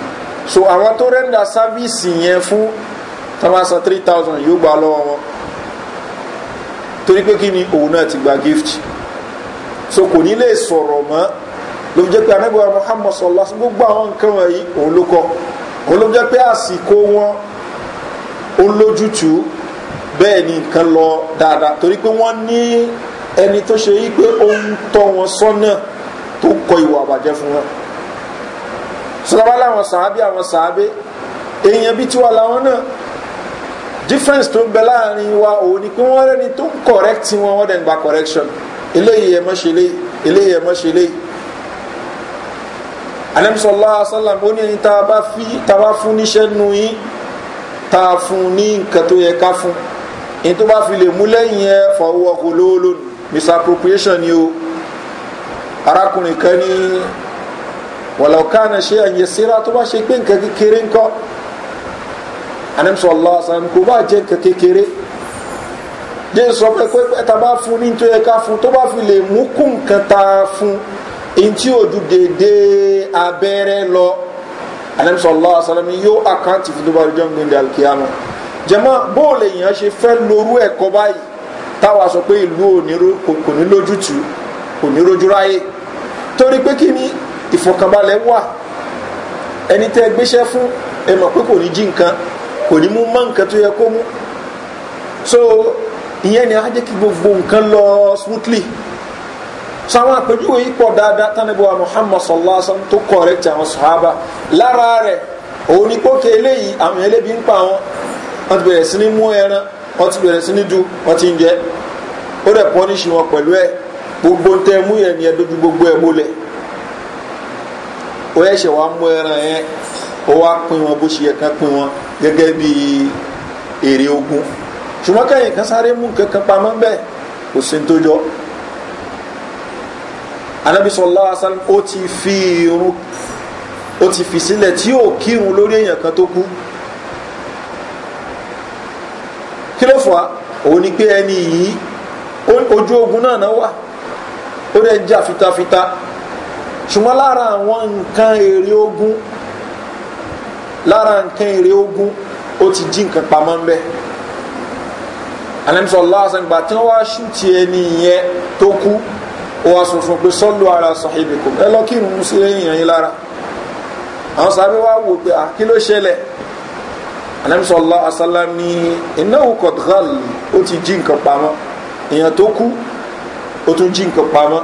so àwọn tó rẹ́ńdà sáfíìsì yẹn fún tamasa three thousand yóò gbà lọ́wọ́ wọn torí pé kí ni òun náà ti gba gífìtì so kò ní lè sọ̀rọ̀ mọ́ ló fi jẹ́ pé anábìwá muhammad sọlá gbogbo àwọn nǹkan wọ̀nyí òun ló kọ́ òun ló jẹ́ pé àsìkò wọn ó lójútùú bẹ́ẹ̀ ni nǹkan lọ dáadáa torí pé wọ́n ní ẹni tó ṣe yí pé ó ń tọ́ wọn sọ́nà tó kọ ìwà àbàjẹ́ fún wọn sọlọ́wọ́ láwọn sàábé àwọn sàábé èèyàn bíi tiwa làwọn náà difference tó ń bẹ láàrin wa òun ni pé wọ́n rẹ́ni tó ń correct wọn wọ́n dẹ̀ ń gba correction eléyìí ẹ̀ mọ́ ṣe léyìí eléyìí ẹ̀ mọ́ ṣe léyìí anamsọlá asálàm ó ní ẹni tá a bá fún níṣẹ́ nu yín tá a fún ní nǹkan tó yẹ ká fún ẹni tó bá fi lè mú lẹ́yìn ẹ fọwọ́ kò lóolónìí misappropriation ni o arákùnrin kan ní wàlọ́kánà ṣe àyẹ̀síra tó bá ṣe pé nǹkan kékeré ńkọ́ anamsọ allah asan kò bá jẹ́ nǹkan kékeré jẹ́ sọ pé pé ta bá fún ní tó yẹ ká fún tó bá fi lè mú kún nǹkan ta fún èyí tí ò ju dédé abẹ́rẹ́ lọ anamsọ allah asan mi yóò àkáǹtì fún tó bá rí jọ́ ń jẹ́mọ́ bóòlù èèyàn ṣe fẹ́ lorú ẹ̀kọ́ báyìí táwa sọ pé ìlú kò ní lójútu kò ní rojú ráyè torí pé kí ni ìfọ̀kànbalẹ̀ wà ẹni tẹ́ gbéṣẹ́ fún ẹ pé kò ní jí nǹkan kò ní mú mọ́ nǹkan tó yẹ kó mú so ìyẹn ni a jẹ́ kí gbogbo nǹkan lọ smoothly so àwọn àpèjúwe yìí pọ̀ dáadáa tánibọ̀ muhammad sallallahu alaihi wa sallam tó correct àwọn sahaba lára rẹ̀ òun ni pókè eléyìí àwọn elébi ń pa wọn wọn ti bẹ̀rẹ̀ sí ní mú ẹran wọ́n ti bẹ̀rẹ̀ sí ní du wọ́n ti ń jẹ́ ó dẹ̀ pọ́níṣì wọn pẹ̀lú ẹ̀ gbogbo ń tẹ́ mú yẹn ni ẹ dojú gbogbo ẹ̀ mólẹ̀ ó yẹ ṣe wàá mú ẹran yẹn ó wá pin wọn bó ṣe yẹ kán pin wọn gẹ́gẹ́ bí èrè ogun ṣùgbọ́n kẹ́yìn kan sáré mú kankan pamọ́ bẹ́ẹ̀ kò sí ní tó jọ anabi sọlá asan ó ti fi irun ó ti fi sílẹ̀ tí yóò kírun lórí èèyàn kan tó kú. kí ló fà á òun ni pé ẹni yìí ojú ogun náà náà wà ó dẹ̀ ń jà fitafita ṣùgbọ́n lára àwọn nǹkan èrè ogun lára nǹkan èrè ogun ó ti jí nǹkan pamọ́ ń bẹ́ anamsọ lásán gbà tí wọ́n wá ṣùtì ẹni yẹn tó kú ó wá sọ pé sọ́lù ara sahibikum ẹ lọ kírun sí ẹ̀yìn yẹn lára àwọn sábẹ́ wá wò pé à ṣẹlẹ̀ anamisọ allah asalam ní ináwó kọtgal ó ti jí nǹkan pamọ́ èèyàn tó kú ó tún jí nǹkan pamọ́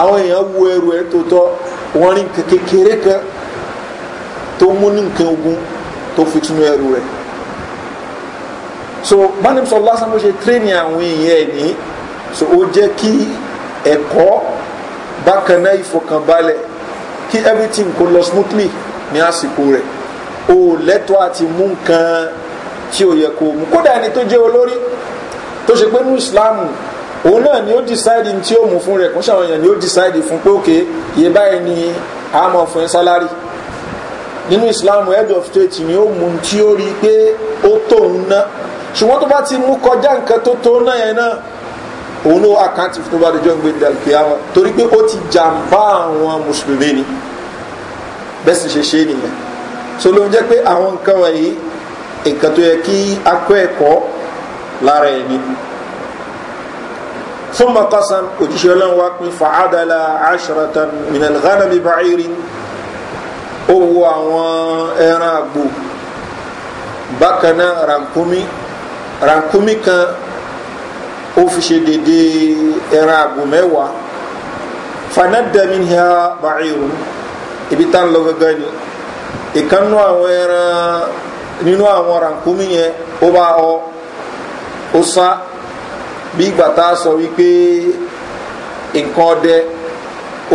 àwọn èèyàn wo ẹrù ẹ tó tọ́ rí nǹkan kékeré kan tó mú ní nǹkan ogun tó fi túnú ẹrù rẹ̀ so bánimsọ lásán ló ṣe tírénì àwọn èèyàn ẹ̀ ní so ó jẹ́ kí ẹ̀kọ́ bákan náà ìfọkànbalẹ̀ kí everything kó lọ smoothly ní àsìkò rẹ̀ o lẹ́tọ́ àti mú nǹkan tí ó yẹ kó mú kódà ni tó jẹ́ olórí tó ṣe pé ní islam òun náà ni ó decide tí ó mú fún rẹ̀ kún ṣàwọn èèyàn ni ó decide fún pé òkè iye báyìí ni a máa fún sálárì nínú islam head of state ni ó mú tí ó rí pé ó tóun ná ṣùgbọ́n tó bá ti mú kọjá nǹkan tó tó náà yẹn náà òun ló àkáǹtì tó bá dojọ́ gbé dàlùkìyàmọ́ torí pé ó ti jàǹbá àwọn mùsùlùmí ni bẹ́ẹ̀ ṣe ṣe nìyẹn so ló ń jẹ́ pé àwọn nǹkan wọ̀nyí nǹkan tó yẹ kí akọ́ ẹ̀kọ́ lára ẹni fún makasan òjíṣẹ́ ọlọ́run wá pín fàádàlà ashratan minal ghanami ba'irin ó wo àwọn ẹran àgbò bákan náà rankumi rankumi kan ó fi ṣe dédé ẹran àgbò mẹ́wàá fanadda minha ba'irun ibi tá ń lọ gángan ni ìkànnú àwọn ẹran nínú àwọn rànkúmí yẹn ó bá ọ ó sá bí ìgbà tá a sọ wípé nǹkan ọdẹ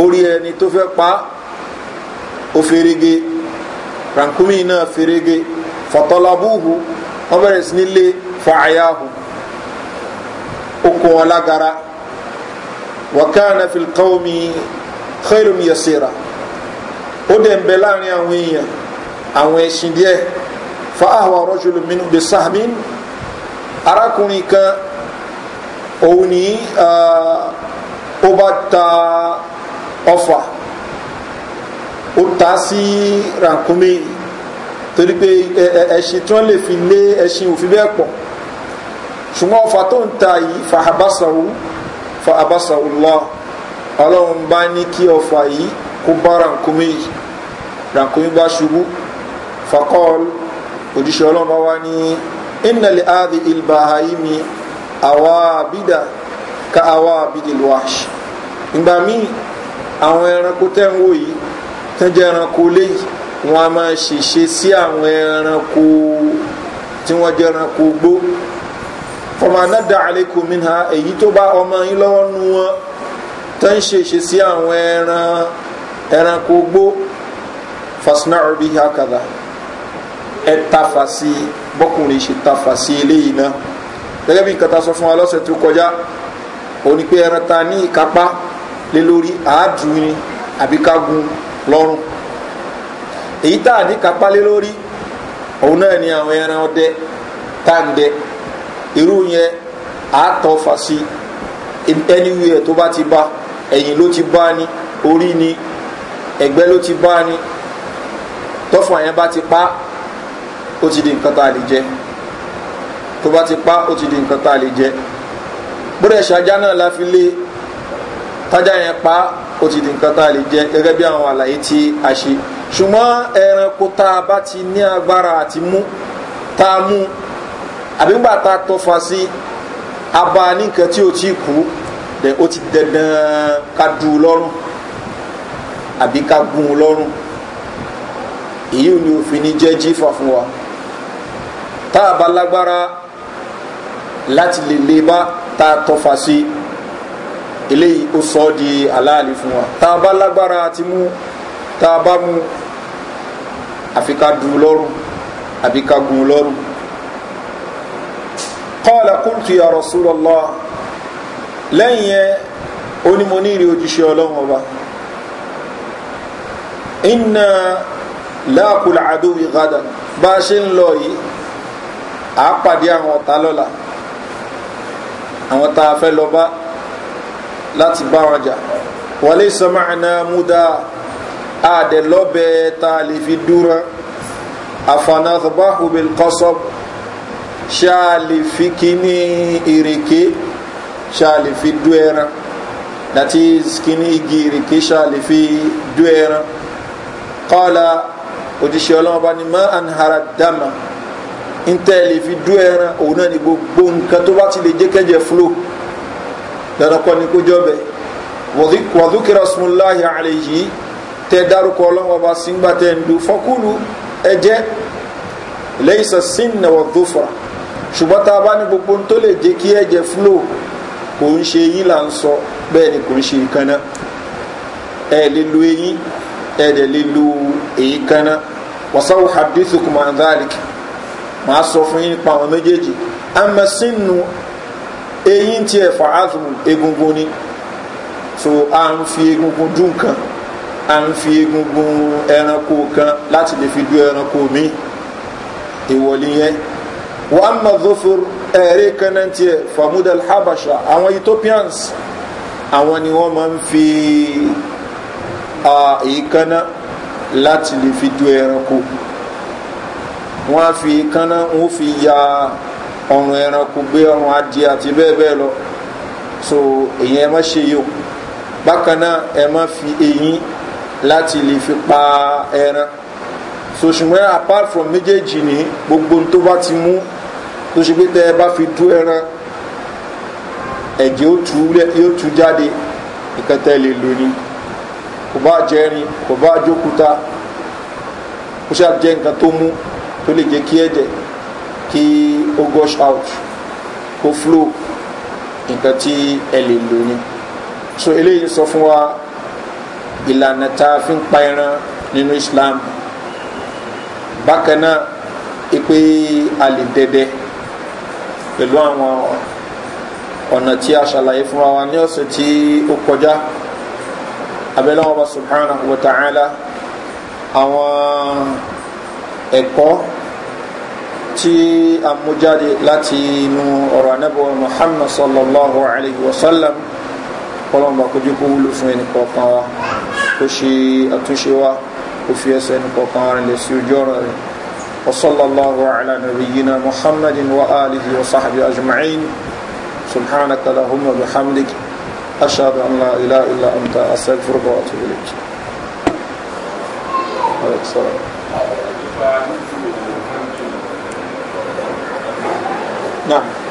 orí ẹni tó fẹ́ pa ó ferege rànkúmí náà ferege fọtọlábùhù wọn bẹ̀rẹ̀ sí ní lé fàáyáhù ó kó wọn lágara wàkàna fìlkàwọmi khairun yasira ó dẹ̀ ń bẹ láàrin àwọn èèyàn àwọn ẹṣin díẹ̀ fa àwọn rọ́jòlù mínú bí sahmin arákùnrin kan òun ní ó bá ta ọfà ó ta sí rànkúnmí torí pé ẹṣin tí wọ́n lè fi lé ẹṣin òfin bẹ́ẹ̀ pọ̀ ṣùgbọ́n ọfà tó ń ta yìí fa àbáṣàwò fa àbáṣàwò lọ́wọ́ ọlọ́run bá ní kí ọfà yìí kó bá rànkúnmí rànkúnmí bá ṣubú fakọ́l òjíṣẹ́ ọlọ́mọ wa ní ìnàlẹ̀ àdì ìlbà àyími àwa àbídà ka àwa àbídì lwash ìgbà míì àwọn ẹranko tẹ́ ń wò yìí tẹ́ jẹ́ ẹranko léyìí wọn a máa ṣèṣe sí àwọn ẹranko tí wọ́n jẹ́ ẹranko gbó fọmọ anáda àlékún mi ha èyí tó bá ọmọ yín lọ́wọ́ nu wọn tẹ́ ń ṣèṣe sí àwọn ẹranko gbó fasinarubi hakada ẹ tafa sí tafasi bọ́kùnrin ṣe tafa sí eléyìí náà gẹ́gẹ́ bí nǹkan ta sọ fún wa lọ́sẹ̀ tó kọjá òun ni pé ẹran ta ní ìkápá lé lórí èyí tá a ní kápá lé lórí òun náà ni àwọn ẹran ọdẹ tá ń irú yẹn àátọ́ fà sí tó bá ti bá ẹ̀yìn ló ti bá ní orí ni ẹ̀gbẹ́ ló ti bá ní tọ́fọ̀ yẹn bá ti pa ó ti di nǹkan tá a lè jẹ tó bá ti pa ó ti di nǹkan tá a lè jẹ bóde ṣáájá náà la fi lé tájá yẹn pa ó ti di nǹkan tá a lè jẹ gẹ́gẹ́ bí àwọn àlàyé tí a ṣe ṣùgbọ́n ẹranko tá a bá ti ní agbára àti mú tá a mú àbígbà tá a tọ́fa sí abá ní nǹkan tí ó ti kú ó ti dandan ká du lọ́rùn àbí ká gun lọ́rùn èyí ò ní òfin ní jẹ́ jífà fún wa tá a bá lágbára láti lè lè bá tá a tọ́fà sí eléyìí ó sọ ọ́ di aláàlì fún wa tá a bá lágbára àti mú tá a bá mú àfi ká dùn lọ́rùn àbí ká gùn lọ́rùn. qala qultu ya rasulallah lẹ́yìn yẹn ó ní ojúṣe ọlọ́run ọba inna láàkùlà àdó ìgádà bá a ṣe ń à á pàdé àwọn ọ̀tá lọ́la àwọn tá a fẹ́ lọ bá láti bá wọn jà wọlé sọmáàna múdà àdè lọ́bẹ̀ tá a lè fi dúró àfànàfọ̀báhùbẹ̀ kọ́sọ́b ṣáà lè fi kíní ìrèké ṣáà lè fi dú ẹran that kíní igi ìrèké ṣáà lè fi dú ẹran kọ́la òjíṣẹ́ ọlọ́mọba ni mọ́ anhara dama ntẹ́ lè fi dú ẹran òun náà ni gbogbo nǹkan tó bá ti lè jẹ́ kẹ́jẹ́ fúlò dandan kọ́ ni kó jọ bẹ̀ wàdúkìrà sùnmùláyà àlè yìí tẹ́ dárúkọ ọlọ́wọ́ bá sígbà tẹ́ ń du fọkúlù ẹjẹ́ lẹ́yìn sàṣìn náà wàdúfà ṣùgbọ́n tá a bá ní gbogbo tó lè jẹ́ kí ẹjẹ́ fúlò kò ń ṣe eyín là ń sọ bẹ́ẹ̀ ni kò ń ṣe ìkànnà ẹ̀ lè lo eyín ẹ̀ dẹ̀ lè lo èyí kànnà wàsáwò hadithu kùmà ń dálìkì màá sọ fún yín nípa àwọn méjèèjì amasínú eyín tí ẹ fà áàtùmù egungun ni so à ń fi egungun dún kan à ń fi egungun ẹranko kan láti lè fi dún ẹranko míì ìwọlé yẹn wọ́n á máa ẹ̀rẹ́ kan náà tiẹ̀ famudal àwọn ethiopians àwọn ni wọ́n máa ń fi èékánná láti lè fi dún ẹranko wọ́n á fi kánná wọ́n fi ya ọrùn ẹranko gbé ọrùn adìẹ àti bẹ́ẹ̀ bẹ́ẹ̀ lọ so èyí ẹ má ṣe yìí o bákan náà ẹ má fi eyín láti lè fi pa ẹran so ṣùgbọ́n apart from méjèèjì ní gbogbo tó bá ti mú tó ṣe pé tẹ ẹ bá fi dú ẹran ẹ̀jẹ̀ yóò tú jáde nǹkan tẹ́ lè lò ní kò bá jẹrin kò bá jókúta kó ṣàjẹ́ nǹkan tó mú tó lè jẹ́ kí ẹ̀jẹ̀ kí ó gush out kó flow nǹkan tí ẹ lè lò ní so eléyìí sọ fún wa ìlànà tá fi ń pa ẹran nínú islam bákan náà ipe a lè dẹdẹ pẹ̀lú àwọn ọ̀nà tí a ṣàlàyé fún wa ní ọ̀sẹ̀ tí ó kọjá abẹ́lẹ́wọ̀n bá subhanahu wa ta'ala àwọn ẹ̀kọ́ tí a mú jáde láti inú ọ̀rọ̀ anábọ̀ muhammad sallallahu alayhi wa sallam kọlọ́mbà kó dínkù wúlò fún ẹnì kọ̀ọ̀kan wa kó ṣe àtúnṣe wa kó fi ẹsẹ̀ ẹnì kọ̀ọ̀kan rẹ̀ lè sí ojú ọ̀rọ̀ rẹ̀ وصلى الله على نبينا محمد وآله وصحبه أجمعين سبحانك اللهم وبحمدك أشهد أن لا إله إلا أنت أستغفرك وأتوب إليك. عليك السلام. نعم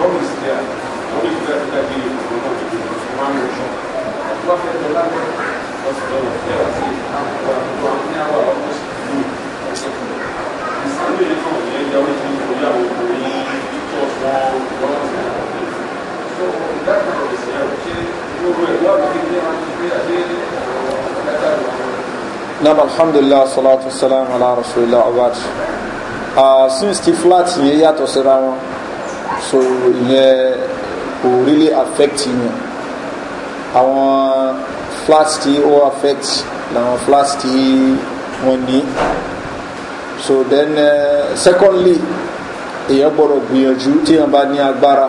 notice there. Notice that, that he was one of them. What is the level of the therapy after one hour of this food? In some way, it's only a day we will be able to eat because one runs out of this. So that kind of is the idea. You will be able to get out of the idea that that one. نعم الحمد لله والصلاة والسلام على رسول الله وبعد. Uh, since ti flat yẹn yàtọ̀ síra wọn so ìyẹn kò really affect yẹn àwọn flats tí ó affect làwọn flats tí wọ́n ní so then uh, secondly èèyàn gbọ́dọ̀ gbìyànjú tí wọ́n bá ní agbára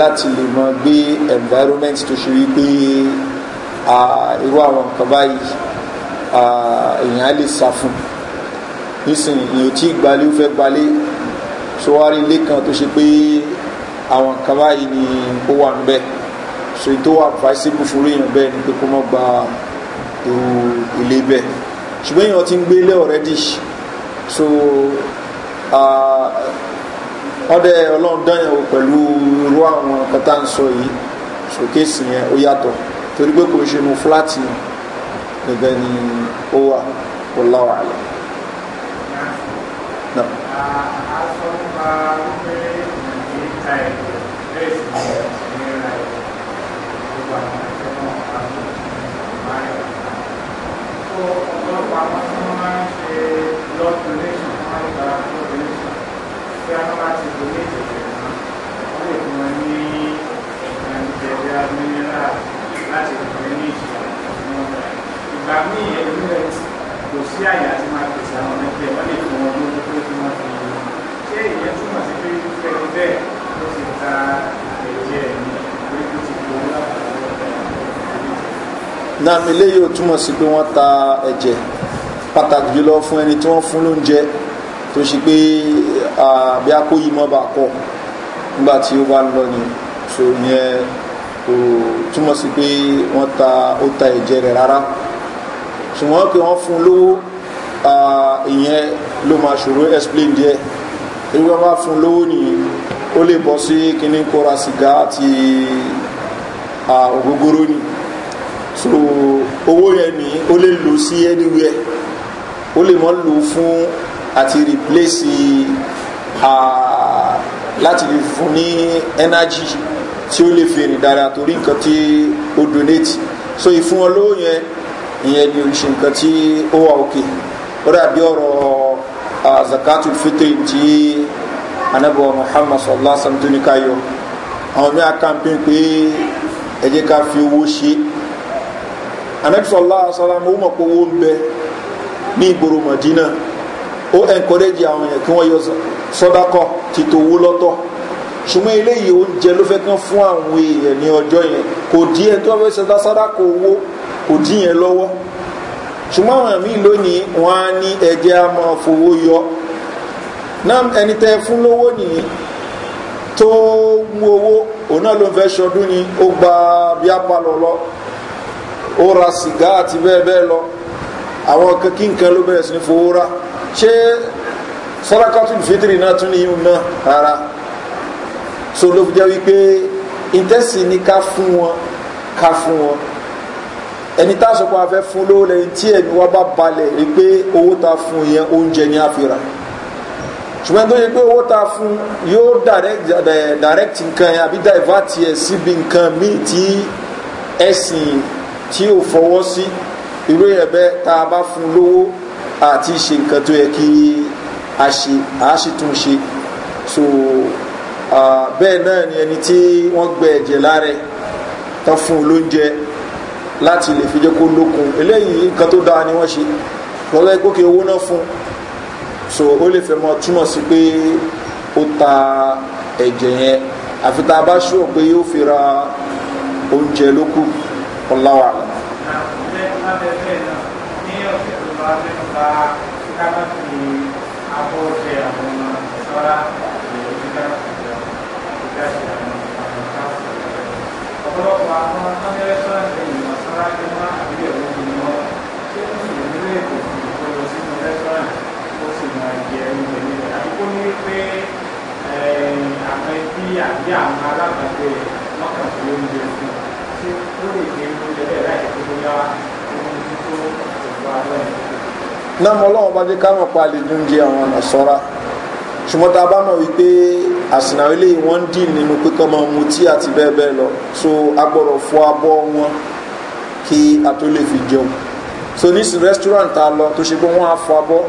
láti lè mọ gbé environment tó ṣe wípé irú àwọn nǹkan báyìí èèyàn á lè sá fún nísìnyí tí gbalé ó fẹ́ gbalé so wá rí ilé kan tó ṣe pé àwọn nǹkan báyìí ni ó wà níbẹ̀ so èyí tó wà advisable fún èèyàn bẹ́ẹ̀ ni pé kó mọ́ gba irú ilé bẹ́ẹ̀ ṣùgbọ́n èèyàn ti ń gbé ilé already so ọdẹ ọlọ́run dányàn wò pẹ̀lú irú àwọn nǹkan tá à ń sọ yìí so kéèsì yẹn ó yàtọ̀ torí pé kò ń ṣe nu fúláàtì nìkan ni ó wà wallahu a'lam. wípé èyí ta ẹ̀jẹ̀ bẹ́ẹ̀ ìgbà míì ẹ̀mí rẹ̀ kò sí àyè àti máa pèsè àwọn ẹgbẹ́ wọ́n lè fún wọn lójú pé kí wọ́n ṣé ìyẹn túmọ̀ sí pé fẹ́ẹ́ bẹ́ẹ̀ ló ta ẹ̀jẹ̀ ẹ̀mí lórí tó ti gbowó láti náà eléyìí ò túmọ̀ sí pé wọ́n ta ẹ̀jẹ̀ pàtàkì jùlọ fún ẹni tí wọ́n fún lóúnjẹ tó ṣe pé àbí akóyí bá kọ́ nígbà tí ó bá lọ ni so yẹn kò túmọ̀ sí pé wọ́n ta ó ta ẹ̀jẹ̀ rẹ̀ rárá ṣùgbọ́n pé wọ́n fún lówó ìyẹn ló máa ṣòro explain díẹ̀ ebi wọn bá fún lówó nìyẹn ó lè bọ́ sí kíní kóra sìgá àti ògógóró ni so owó yẹn ni ó lè lò sí anywhere ó lè mọ́ lò fún àti replace láti lè fún ní energy tí ó lè fèrè dára torí nǹkan tí ó donate so ìfún ọ lówó yẹn ìyẹn ni oríṣi nǹkan tí ó wà òkè ó dàbí ọ̀rọ̀ zakatul fitri tí anabiwa muhammad sallallahu alaihi wa sallam tó ní ká yọ àwọn mi àkànpín pé ẹ fi owó ṣe anabi sallallahu alaihi wa sallam ó mọ̀ pé owó ń bẹ ní ìgboro madina ó encourage àwọn èèyàn kí wọ́n yọ sọ́dákọ̀ títò owó lọ́tọ̀ ṣùgbọ́n eléyìí oúnjẹ ló fẹ́ kán fún àwọn èèyàn ní ọjọ́ yẹn kò dín ẹ̀ tó wọ́n fẹ́ ṣe dá sọ́dákọ̀ owó kò dín yẹn ṣùgbọ́n àwọn míì lónìí wọ́n á ní ẹ̀jẹ̀ a máa fowó yọ náà ẹni tẹ́ fún lówó nìyí tó mú owó òun náà ló ń fẹ́ ṣọdún ni ó gba bí apalọ̀ lọ ó ra sìgá àti bẹ́ẹ̀ bẹ́ẹ̀ lọ àwọn kankí nǹkan ló bẹ̀rẹ̀ sí ní fowó ra ṣé sọ́dákàtún fìtìrì náà tún ní ìhun náà rárá so ló fi jẹ́ wípé ìtẹ́sí ni ká fún wọn ká fún wọn ẹni tá a sọ pé a fẹ́ fún lówó lẹ́yìn tí ẹ̀mí wá bá balẹ̀ rí pé owó ta fún yẹn oúnjẹ ni a fi rà ṣùgbọ́n tó yẹ pé owó ta fún yóò direct nǹkan yẹn àbí divert yẹn síbi nǹkan míì tí ẹ̀sìn tí ò fọwọ́ sí irú yẹn bẹ́ẹ̀ tá a bá fún lówó àti ṣe nǹkan tó yẹ kí a ṣe a ṣe tún ṣe so bẹ́ẹ̀ náà ni ẹni tí wọ́n gbẹ ẹ̀jẹ̀ lára tán fún olóúnjẹ láti lè fi jẹ́ kó lókun eléyìí nǹkan tó dáa ni wọ́n ṣe lọ́lá ìgbókè owó náà fún so ó lè fẹ́ mọ túmọ̀ sí pé ó ta ẹ̀jẹ̀ yẹn àfi a bá ṣúwọ̀ pé yóò fi ra oúnjẹ lókù ọláwà. ọ̀pọ̀lọpọ̀ àwọn ọmọ ẹgbẹ́ sọ́ra àbí àwọn alábàágbé rẹ̀ lọ́kàn tó ń jẹ fún tí ó lè gbé oúnjẹ bẹ́ẹ̀ láì tó bóyá ohun tó òkú alẹ́ náà mọ ọlọ́run bá dé káwọn pa lè dún jẹ àwọn ọ̀nà sọ́ra ṣùgbọ́n tá a bá mọ̀ wípé àsìnà ilé wọn ń dì nínú pé kọ́ máa mutí àti bẹ́ẹ̀ bẹ́ẹ̀ lọ so a gbọ́dọ̀ fọ abọ́ wọn kí a tó lè fi jẹun so ní restaurant ta lọ tó ṣe pé wọ́n á fọ abọ́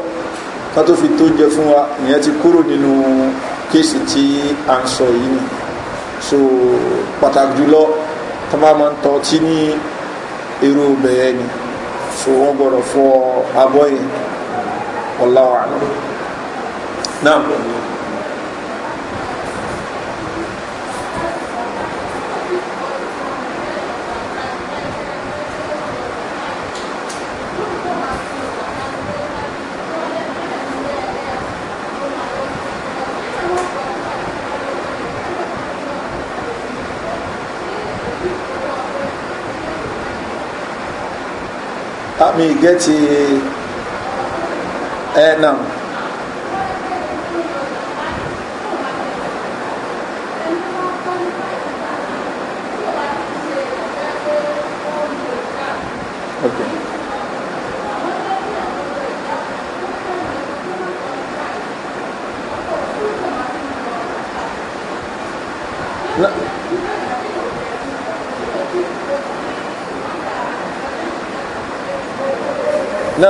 ká tó fi tó jẹ fún wa ìyẹn ti kúrò nínú kéèsì tí à ń sọ yìí ni so pàtàkì jùlọ tó bá máa ń tọ́ tí ní irú bẹ̀yẹ ni so wọ́n gbọ́dọ̀ fọ abọ́ yẹn ọ̀la náà. mi gẹ́tì ẹ̀ náà.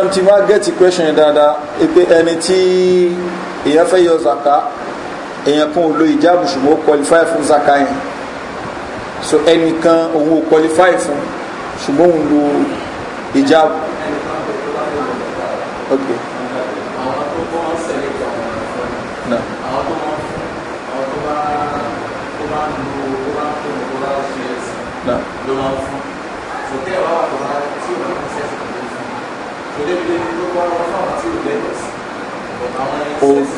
náà ti máa gẹ́ẹ̀tì question dáadáa pé ẹni tí èèyàn fẹ́ yọ zaka èèyàn kan lo ìjáàbù ṣùgbọ́n ó qualify fún zaka yẹn so ẹnìkan òun ò qualify fún ṣùgbọ́n òun lo ìjáàbù ok.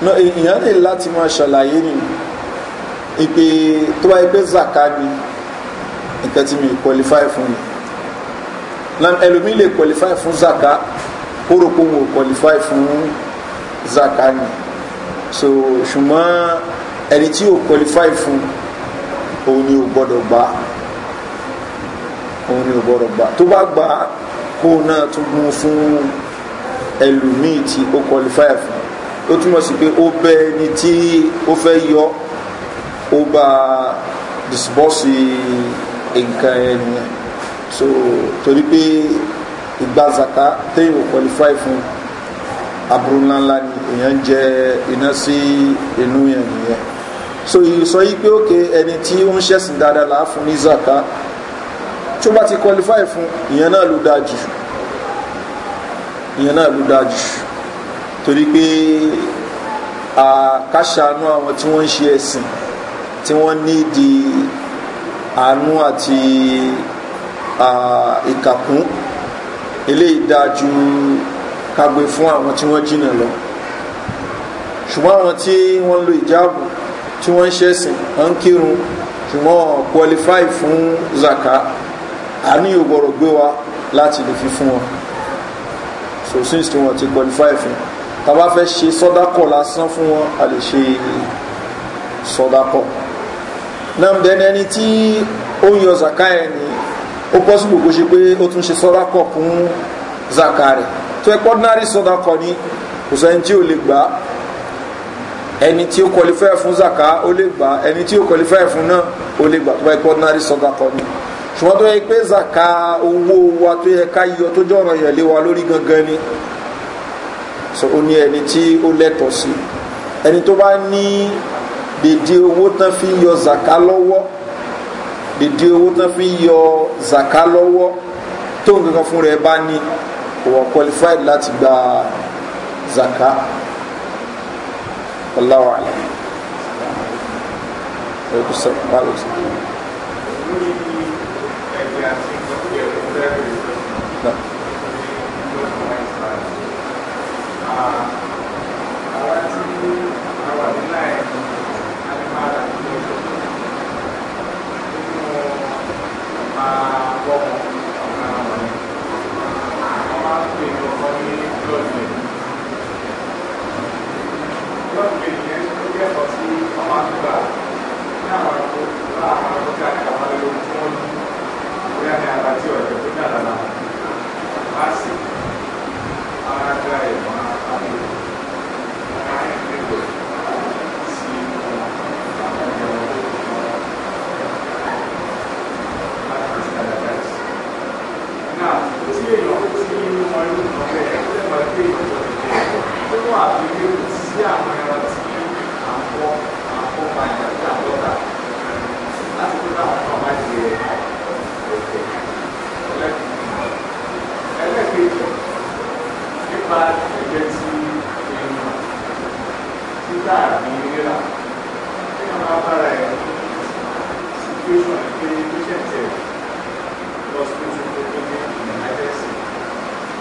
no èèyàn lè láti máa ṣàlàyé ni ìpè tó wáyé pé zaka ni nǹkan tí mi qualify fún mi ẹlòmíì lè qualify fún zaka kó rò pé òun qualify fún zaka ni so ṣùgbọ́n ẹni tí ò qualify fún òun ni ò gbọ́dọ̀ gbà òun ni ò gbọ́dọ̀ gbà tó bá gbà kó náà tún gun fún ẹlòmíì tí ó qualify fún ó túmọ̀ sí pé ó bẹ ẹni tí ó fẹ́ yọ ó bá disbọ́sì nǹkan ẹni so torí pé ìgbà zaka téèyàn qualify fún aburú ńláńlá ni èèyàn jẹ iná sí inú yẹn nìyẹn so ìsọ yìí pé òkè ẹni tí ó ń ṣẹ̀sìn dáadáa là á fún ní zaka tó bá ti qualify fún ìyẹn náà ló dáa jù ìyẹn náà ló dáa jù torí pé àkàṣàánú àwọn tí wọ́n ń ṣe ẹ̀sìn tí wọ́n ní di àánú àti ìkàkùn eléyìí dáa jù ká gbé fún àwọn tí wọ́n jìnà lọ ṣùgbọ́n àwọn tí wọ́n ń lo ìjáàbù tí wọ́n ń ṣẹ̀sìn à ń kírun ṣùgbọ́n qualify fún zaka àní ògbọ̀rọ̀ gbé wa láti lè fi fún wọn so since tí wọ́n ti qualify fún tàbá fẹ́ ṣe sọ́dákọ̀ lásán fún wọn a lè ṣe sọ́dákọ̀ náà ẹni tí ó ń zaka ẹni ó pọ́sibò kó ṣe pé ó tún ṣe sọ́dákọ̀ fún zaka rẹ̀ tó ẹ ordinary sọdakọ ni kò sẹ́ni tí ò lè gbà á ẹni tí ó kọlifẹ́ fún zaka ó lè gbà á ẹni tí ó kọlifẹ́ fún náà ó lè gbà tó bá ẹ sọdakọ ni ṣùgbọ́n tó yẹ pé zaka owó wa tó yẹ ká yọ tó jọ̀ràn yẹn lé wa lórí gangan ni so ó ní ẹni tí ó lẹ́tọ̀ọ́ sí ẹni tó bá ní dèdè owó tán fi yọ zaka lọ́wọ́ dèdè owó tán fi yọ zaka lọ́wọ́ tóun kankan fún rẹ̀ bá ní kò wọ́n qualified láti gba zaka ọláwà àlẹ́ ẹ̀kú sọ̀rọ̀ Yeah. bá ẹgbẹ́ tí èèyàn mọ̀ títà àbí rírà tí wọ́n máa bára ẹ̀ situation pé patient ẹ̀ lọ sí tó tó ní united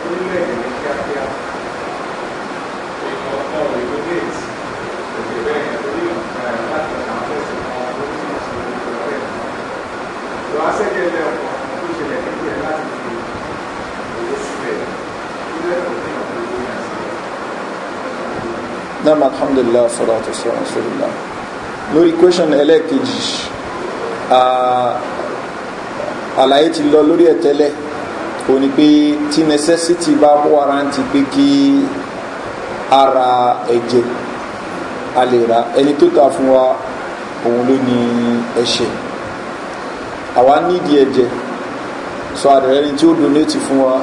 orílẹ̀-èdè ní kíákíá nam alhamdulillah salatu wasalam sallam lórí question ẹlẹ́ẹ̀kejì àlàyé ti lọ lórí ẹ̀tẹ́lẹ̀ o ni pé tí necessity bá warranty pé kí ara ẹ̀jẹ̀ a lè ra ẹni tó ta fún wa òun ló ní ẹ̀ṣẹ̀ àwa nídìí ẹ̀jẹ̀ sọ àdẹ̀rẹ́ni tí ó donate fún wa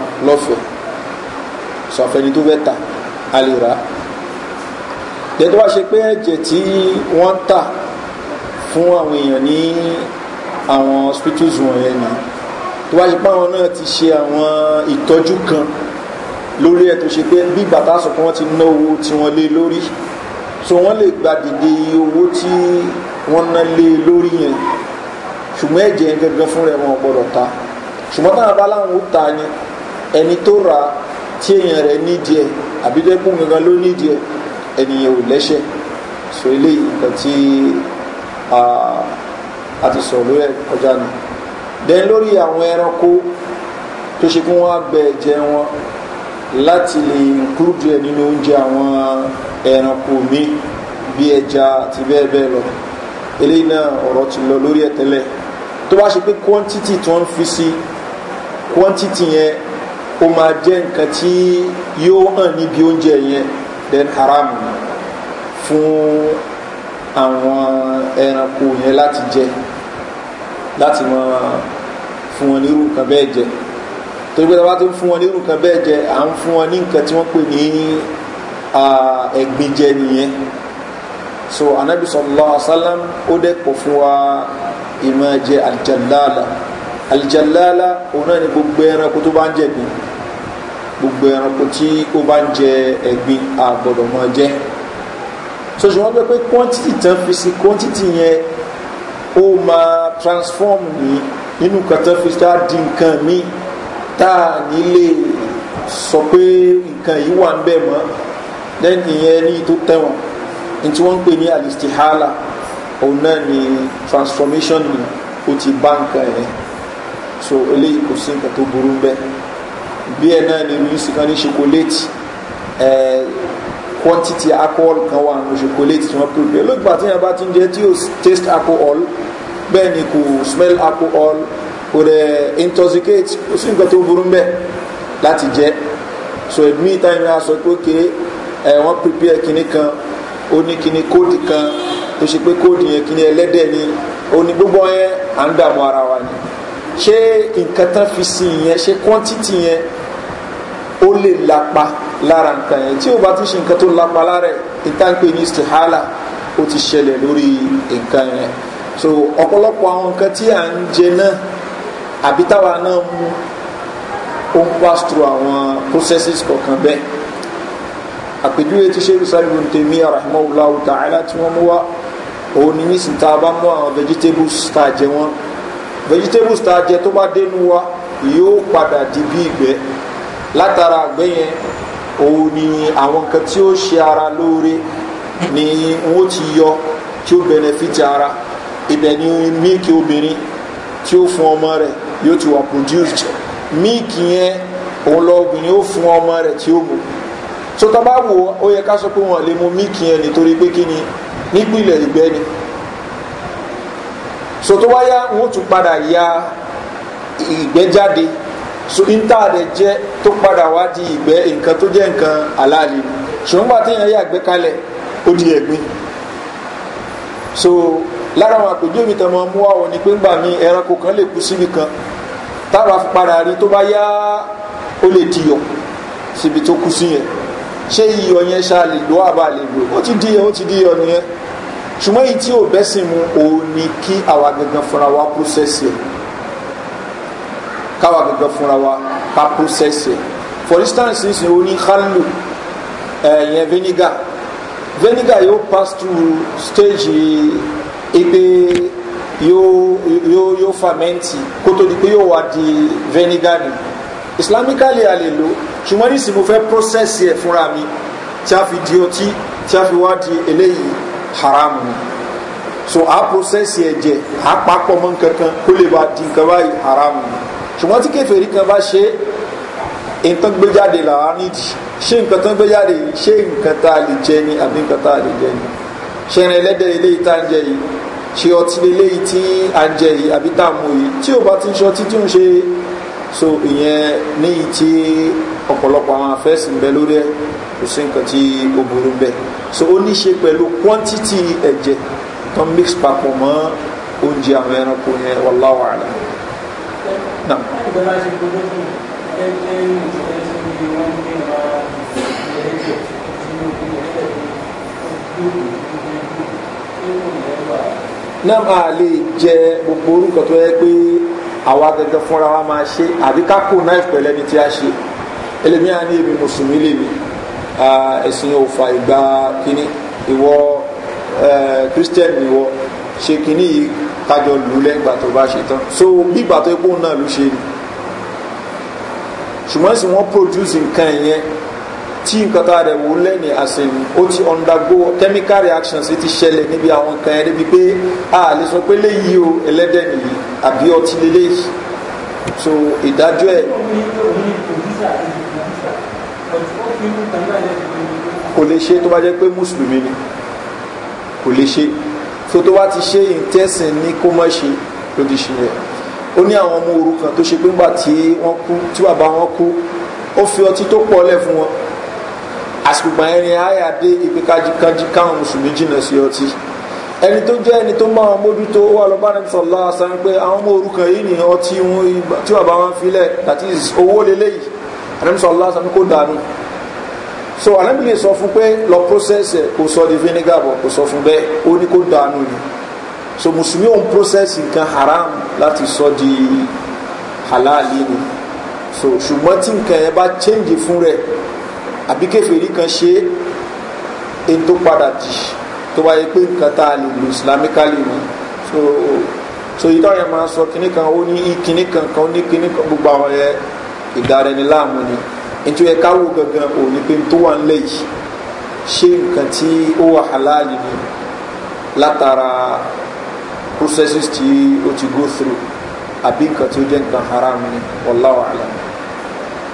tẹ́tọ́ wá ṣe pé ẹ̀jẹ̀ tí wọ́n ń tà fún àwọn èèyàn ní àwọn hospitals wọ̀nyẹn ni tó wá ṣe pé àwọn náà ti ṣe àwọn ìtọ́jú kan lórí ẹ̀ tó ṣe pé bí bàtà sọ pé wọ́n ti ná owó tí wọ́n lé lórí so wọ́n lè gba dìde owó tí wọ́n ná lé lórí yẹn ṣùgbọ́n ẹ̀jẹ̀ yẹn gangan fún rẹ̀ wọn gbọ́dọ̀ ta ṣùgbọ́n táwọn bá láwọn ó ta ni ẹni tó ra tí èèyàn rẹ̀ nídìí ẹ̀ àbídẹ́kùn gangan ló nídìí ẹ̀ ẹnìyẹn ò lẹ́ṣẹ̀ so eléyìí nǹkan tí a ti sọ̀rọ̀ lórí ẹ̀ kọjá ni then lórí àwọn ẹranko tó ṣe kí wọ́n á gbẹ ẹ̀jẹ̀ wọn láti lè include ẹ̀ nínú oúnjẹ àwọn ẹranko mi bí ẹja àti bẹ́ẹ̀ bẹ́ẹ̀ lọ eléyìí náà ọ̀rọ̀ ti lọ lórí ẹ̀ tẹ́lẹ̀ tó bá ṣe pé quantity tí wọ́n fi sí quantity yẹn ó máa jẹ́ nǹkan tí yóò hàn níbi oúnjẹ yẹn then haram fún àwọn ẹranko yẹn láti jẹ láti wọn fún wọn nírú nǹkan bẹ́ẹ̀ jẹ torí pé tábà tó ń fún wọn nírú nǹkan bẹ́ẹ̀ jẹ à ń fún wọn ní nǹkan tí wọ́n pè ní ẹ̀gbin jẹ nìyẹn so anabi sallallahu alaihi wa sallam ó dẹ́ pọ̀ fún wa ìmọ̀ jẹ alìjàlálà alìjàlálà òun náà ni gbogbo ẹranko tó bá ń jẹ̀gbin gbogbo ẹranko tí ó bá ń jẹ ẹ̀gbin àgbọ̀dọ̀ mọ́ jẹ́ so ṣùgbọ́n pé pé quantity tán fi sí quantity yẹn ó máa transform ní nínú nǹkan tán fi tá di nǹkan míì tá a ní lè sọ pé nǹkan yìí wà ń bẹ̀ mọ́ lẹ́yìn ìyẹn ní tó tẹ̀wọ̀n ní tí wọ́n ń pè ní alistihala òun náà ni transformation ni ó ti bá nǹkan yẹn so eléyìí kò sí nǹkan tó burú bẹ́ẹ̀ bí ẹ náà ni mísì kan ní ṣokoléètì ẹ quantity alcohol kan wà nínú ṣokoléètì tí wọ́n pèpè lóògbà tí yẹn bá ti ń jẹ tí ó taste alcohol bẹ́ẹ̀ ni kò smell alcohol kò dẹ̀ intoxicate kò sí nǹkan tó burú mbẹ́ láti jẹ so ẹ̀mí táyìn náà sọ pé ókè ẹ wọ́n pèpè kíní kan ó ní kíní kóòdì kan tó ṣe pé kóòdì yẹn kíní ẹlẹ́dẹ̀ ni ó ní gbogbo yẹn à ń dààmú ara wa ni ṣé nǹkan tán fi sí yẹn ṣé quantity yẹn ó lè lapa lára nǹkan yẹn tí o bá tún ṣe nǹkan tó lapa lára ẹ̀ ìtànpé ní stihala ó ti ṣẹlẹ̀ lórí nǹkan yẹn so ọ̀pọ̀lọpọ̀ àwọn nǹkan tí à ń jẹ náà àbí táwa náà mú ó ń pass through àwọn processes kọ̀ọ̀kan bẹ́ẹ̀ àpèjúwe tí ṣe ìsáyìnbó ń tèmi àràmọ́ ọ̀la ọ̀tà àìlá tí wọ́n mú wá òun ní nísìnyí tá a bá mú àwọn vegetables tá a jẹ wọ́n vegetables tá a jẹ tó bá dénú wa yóò padà di bí ìgbẹ́ látara àgbẹ̀ yẹn òun ni àwọn nǹkan tí ó ṣe ara lóore ni wọ́n ti yọ tí ó benefit ara ibẹ̀ ni mílíkì obìnrin tí ó fún ọmọ rẹ̀ yóò ti wà produced mílíkì yẹn òun lọ obìnrin ó fún ọmọ rẹ̀ tí ó mú so tá a bá wò ó yẹ ká sọ pé wọn lè mu mílíkì yẹn nítorí pé kí ni nípìnlẹ̀ ìgbẹ́ ni so tó wáyá wọn tún padà ya ìgbẹ́ jáde so níta rẹ̀ jẹ́ tó padà wá di ìgbẹ́ nǹkan tó jẹ́ nǹkan aláàlì ṣùgbọ́n gbà téèyàn yà gbẹ́ kalẹ̀ ó di ẹ̀gbin so lára àwọn àpèjú èmi tẹ̀mọ́ mú àwọn ni pé ńgbà mi ẹranko kan lè kú síbi kan táwa fi padà rí tó bá yá ó lè diyọ̀ síbi tó kú sí yẹn ṣé iyọ̀ yẹn ṣá lè lò àbá lè lò ó ti diyọ̀ ó ti diyọ̀ nìyẹn ṣùgbọ́n èyí tí ò bẹ́sìn mu òun ni kí àwa gangan fúnra wa pọ́sẹ̀sì káwa gangan fúnra wa ká pọ́sẹ̀sì for instance nísìnyí ó ní kálù ẹ̀yẹn vinegar vinegar yóò pass through stage ipe yóò yóò yóò famẹ́ǹtì kó di pé yóò wá di vinegar ni islamically a lè lo ṣùgbọ́n nísìnyí mo fẹ́ pọ́sẹ̀sì ẹ̀ fúnra mi tí a fi di ọtí tí a fi wá di eléyìí haram so a process yẹ jẹ a papọ̀ mọ́ nkankan kó lè ba di nkan báyìí haram ni ṣùgbọ́n tí kẹfẹ́rí kan bá ṣe nkan gbéjáde làwọn nídìí ṣé nkan tó ń gbéjáde yìí ṣé nkan tá a lè jẹ ni àbí nkan tá a lè jẹ ni ṣe ẹran ẹlẹ́dẹ̀ eléyìí tá a ń jẹ yìí ṣe ọtí eléyìí tí a ń jẹ a mú yìí tí ò ti ń ṣe ọtí tí ò ń ṣe so ìyẹn níyì tí ọ̀pọ̀lọpọ̀ àwọn afẹ́sì ń bẹ lórí ẹ̀ kò sí nǹkan tí ó burú ń bẹ so ó ní ṣe pẹ̀lú quantity ẹ̀jẹ̀ tó ń mix papọ̀ mọ́ oúnjẹ àwọn ẹranko yẹn wallahu a'lam. náà náà a lè jẹ gbogbo orúkọ tó yẹ pé àwa gẹ́gẹ́ fúnra wa máa ṣe àbí ká kó náìfù pẹ̀lú ẹni tí a ṣe ẹlẹ́mìíràn ní èmi mùsùlùmí lèmi ẹ̀sìn ò ìgbà kínní ìwọ christian ìwọ ṣe kínní yìí kájọ lù lẹ́gbà tó bá ṣe tán so bí ìgbà tó epo náà ló ṣe ni ṣùgbọ́n sì wọ́n produce nǹkan yẹn tí nǹkan tá a rẹ̀ wò lẹ́ni àṣẹyìn ó ti undergo chemical reactions ti ṣẹlẹ̀ níbi àwọn nǹkan yẹn níbi pé a lè sọ pé léyìí o ẹlẹ́dẹ̀ nìyí àbí ọtí lélẹ́yìí so ìdájọ́ ẹ̀ kò lè ṣe tó bá jẹ́ pé mùsùlùmí ni kò lè ṣe so tó bá ti ṣe ìtẹ́sìn ní kó mọ́ ṣe ló ti ṣe rẹ̀ ó ní àwọn ọmọ òrukàn tó ṣe pé ńgbà tí wọ́n kú tí bàbá wọn kú ó fi ọtí tó pọ̀ lẹ̀ fún wọn àsìkò gbà yẹn ni àyà dé ibi kájíkájí káwọn mùsùlùmí jìnnà sí ọtí ẹni tó jẹ́ ẹni tó máa mójútó wà lọ́ba ní sọ̀lá san pé àwọn ọmọ òrukàn yìí ni ọtí wọn tí bàbá wọn filẹ̀ that is owó leléyìí àdàmì sọ̀lá san kó dànù so àdàmì lè sọ fún pé lọ process ẹ̀ kò sọ di vinegar bọ̀ kò sọ fún bẹ́ẹ̀ ó ní kó dànù ni so mùsùlùmí òun process nǹkan haram láti sọ di halali ni so ṣùgbọ́n tí nǹkan yẹn bá change fún rẹ̀ àbí kẹfìrí kan ṣe é tó padà jì tó bá yẹ pé nǹkan tá a lè lo islamically ni so so yìí táwọn yẹn máa sọ kinní kan ó ní kinní kan kan ó ní kinní kan gbogbo àwọn yẹn ìdára ẹni láàmú ni nítorí ẹ káwó gangan ò ní pé tó wà nílẹ̀ yìí ṣé nǹkan tí ó wà halali ni látara processes tí ó ti go through àbí nǹkan tí ó jẹ́ nǹkan haram ni wallahu alam.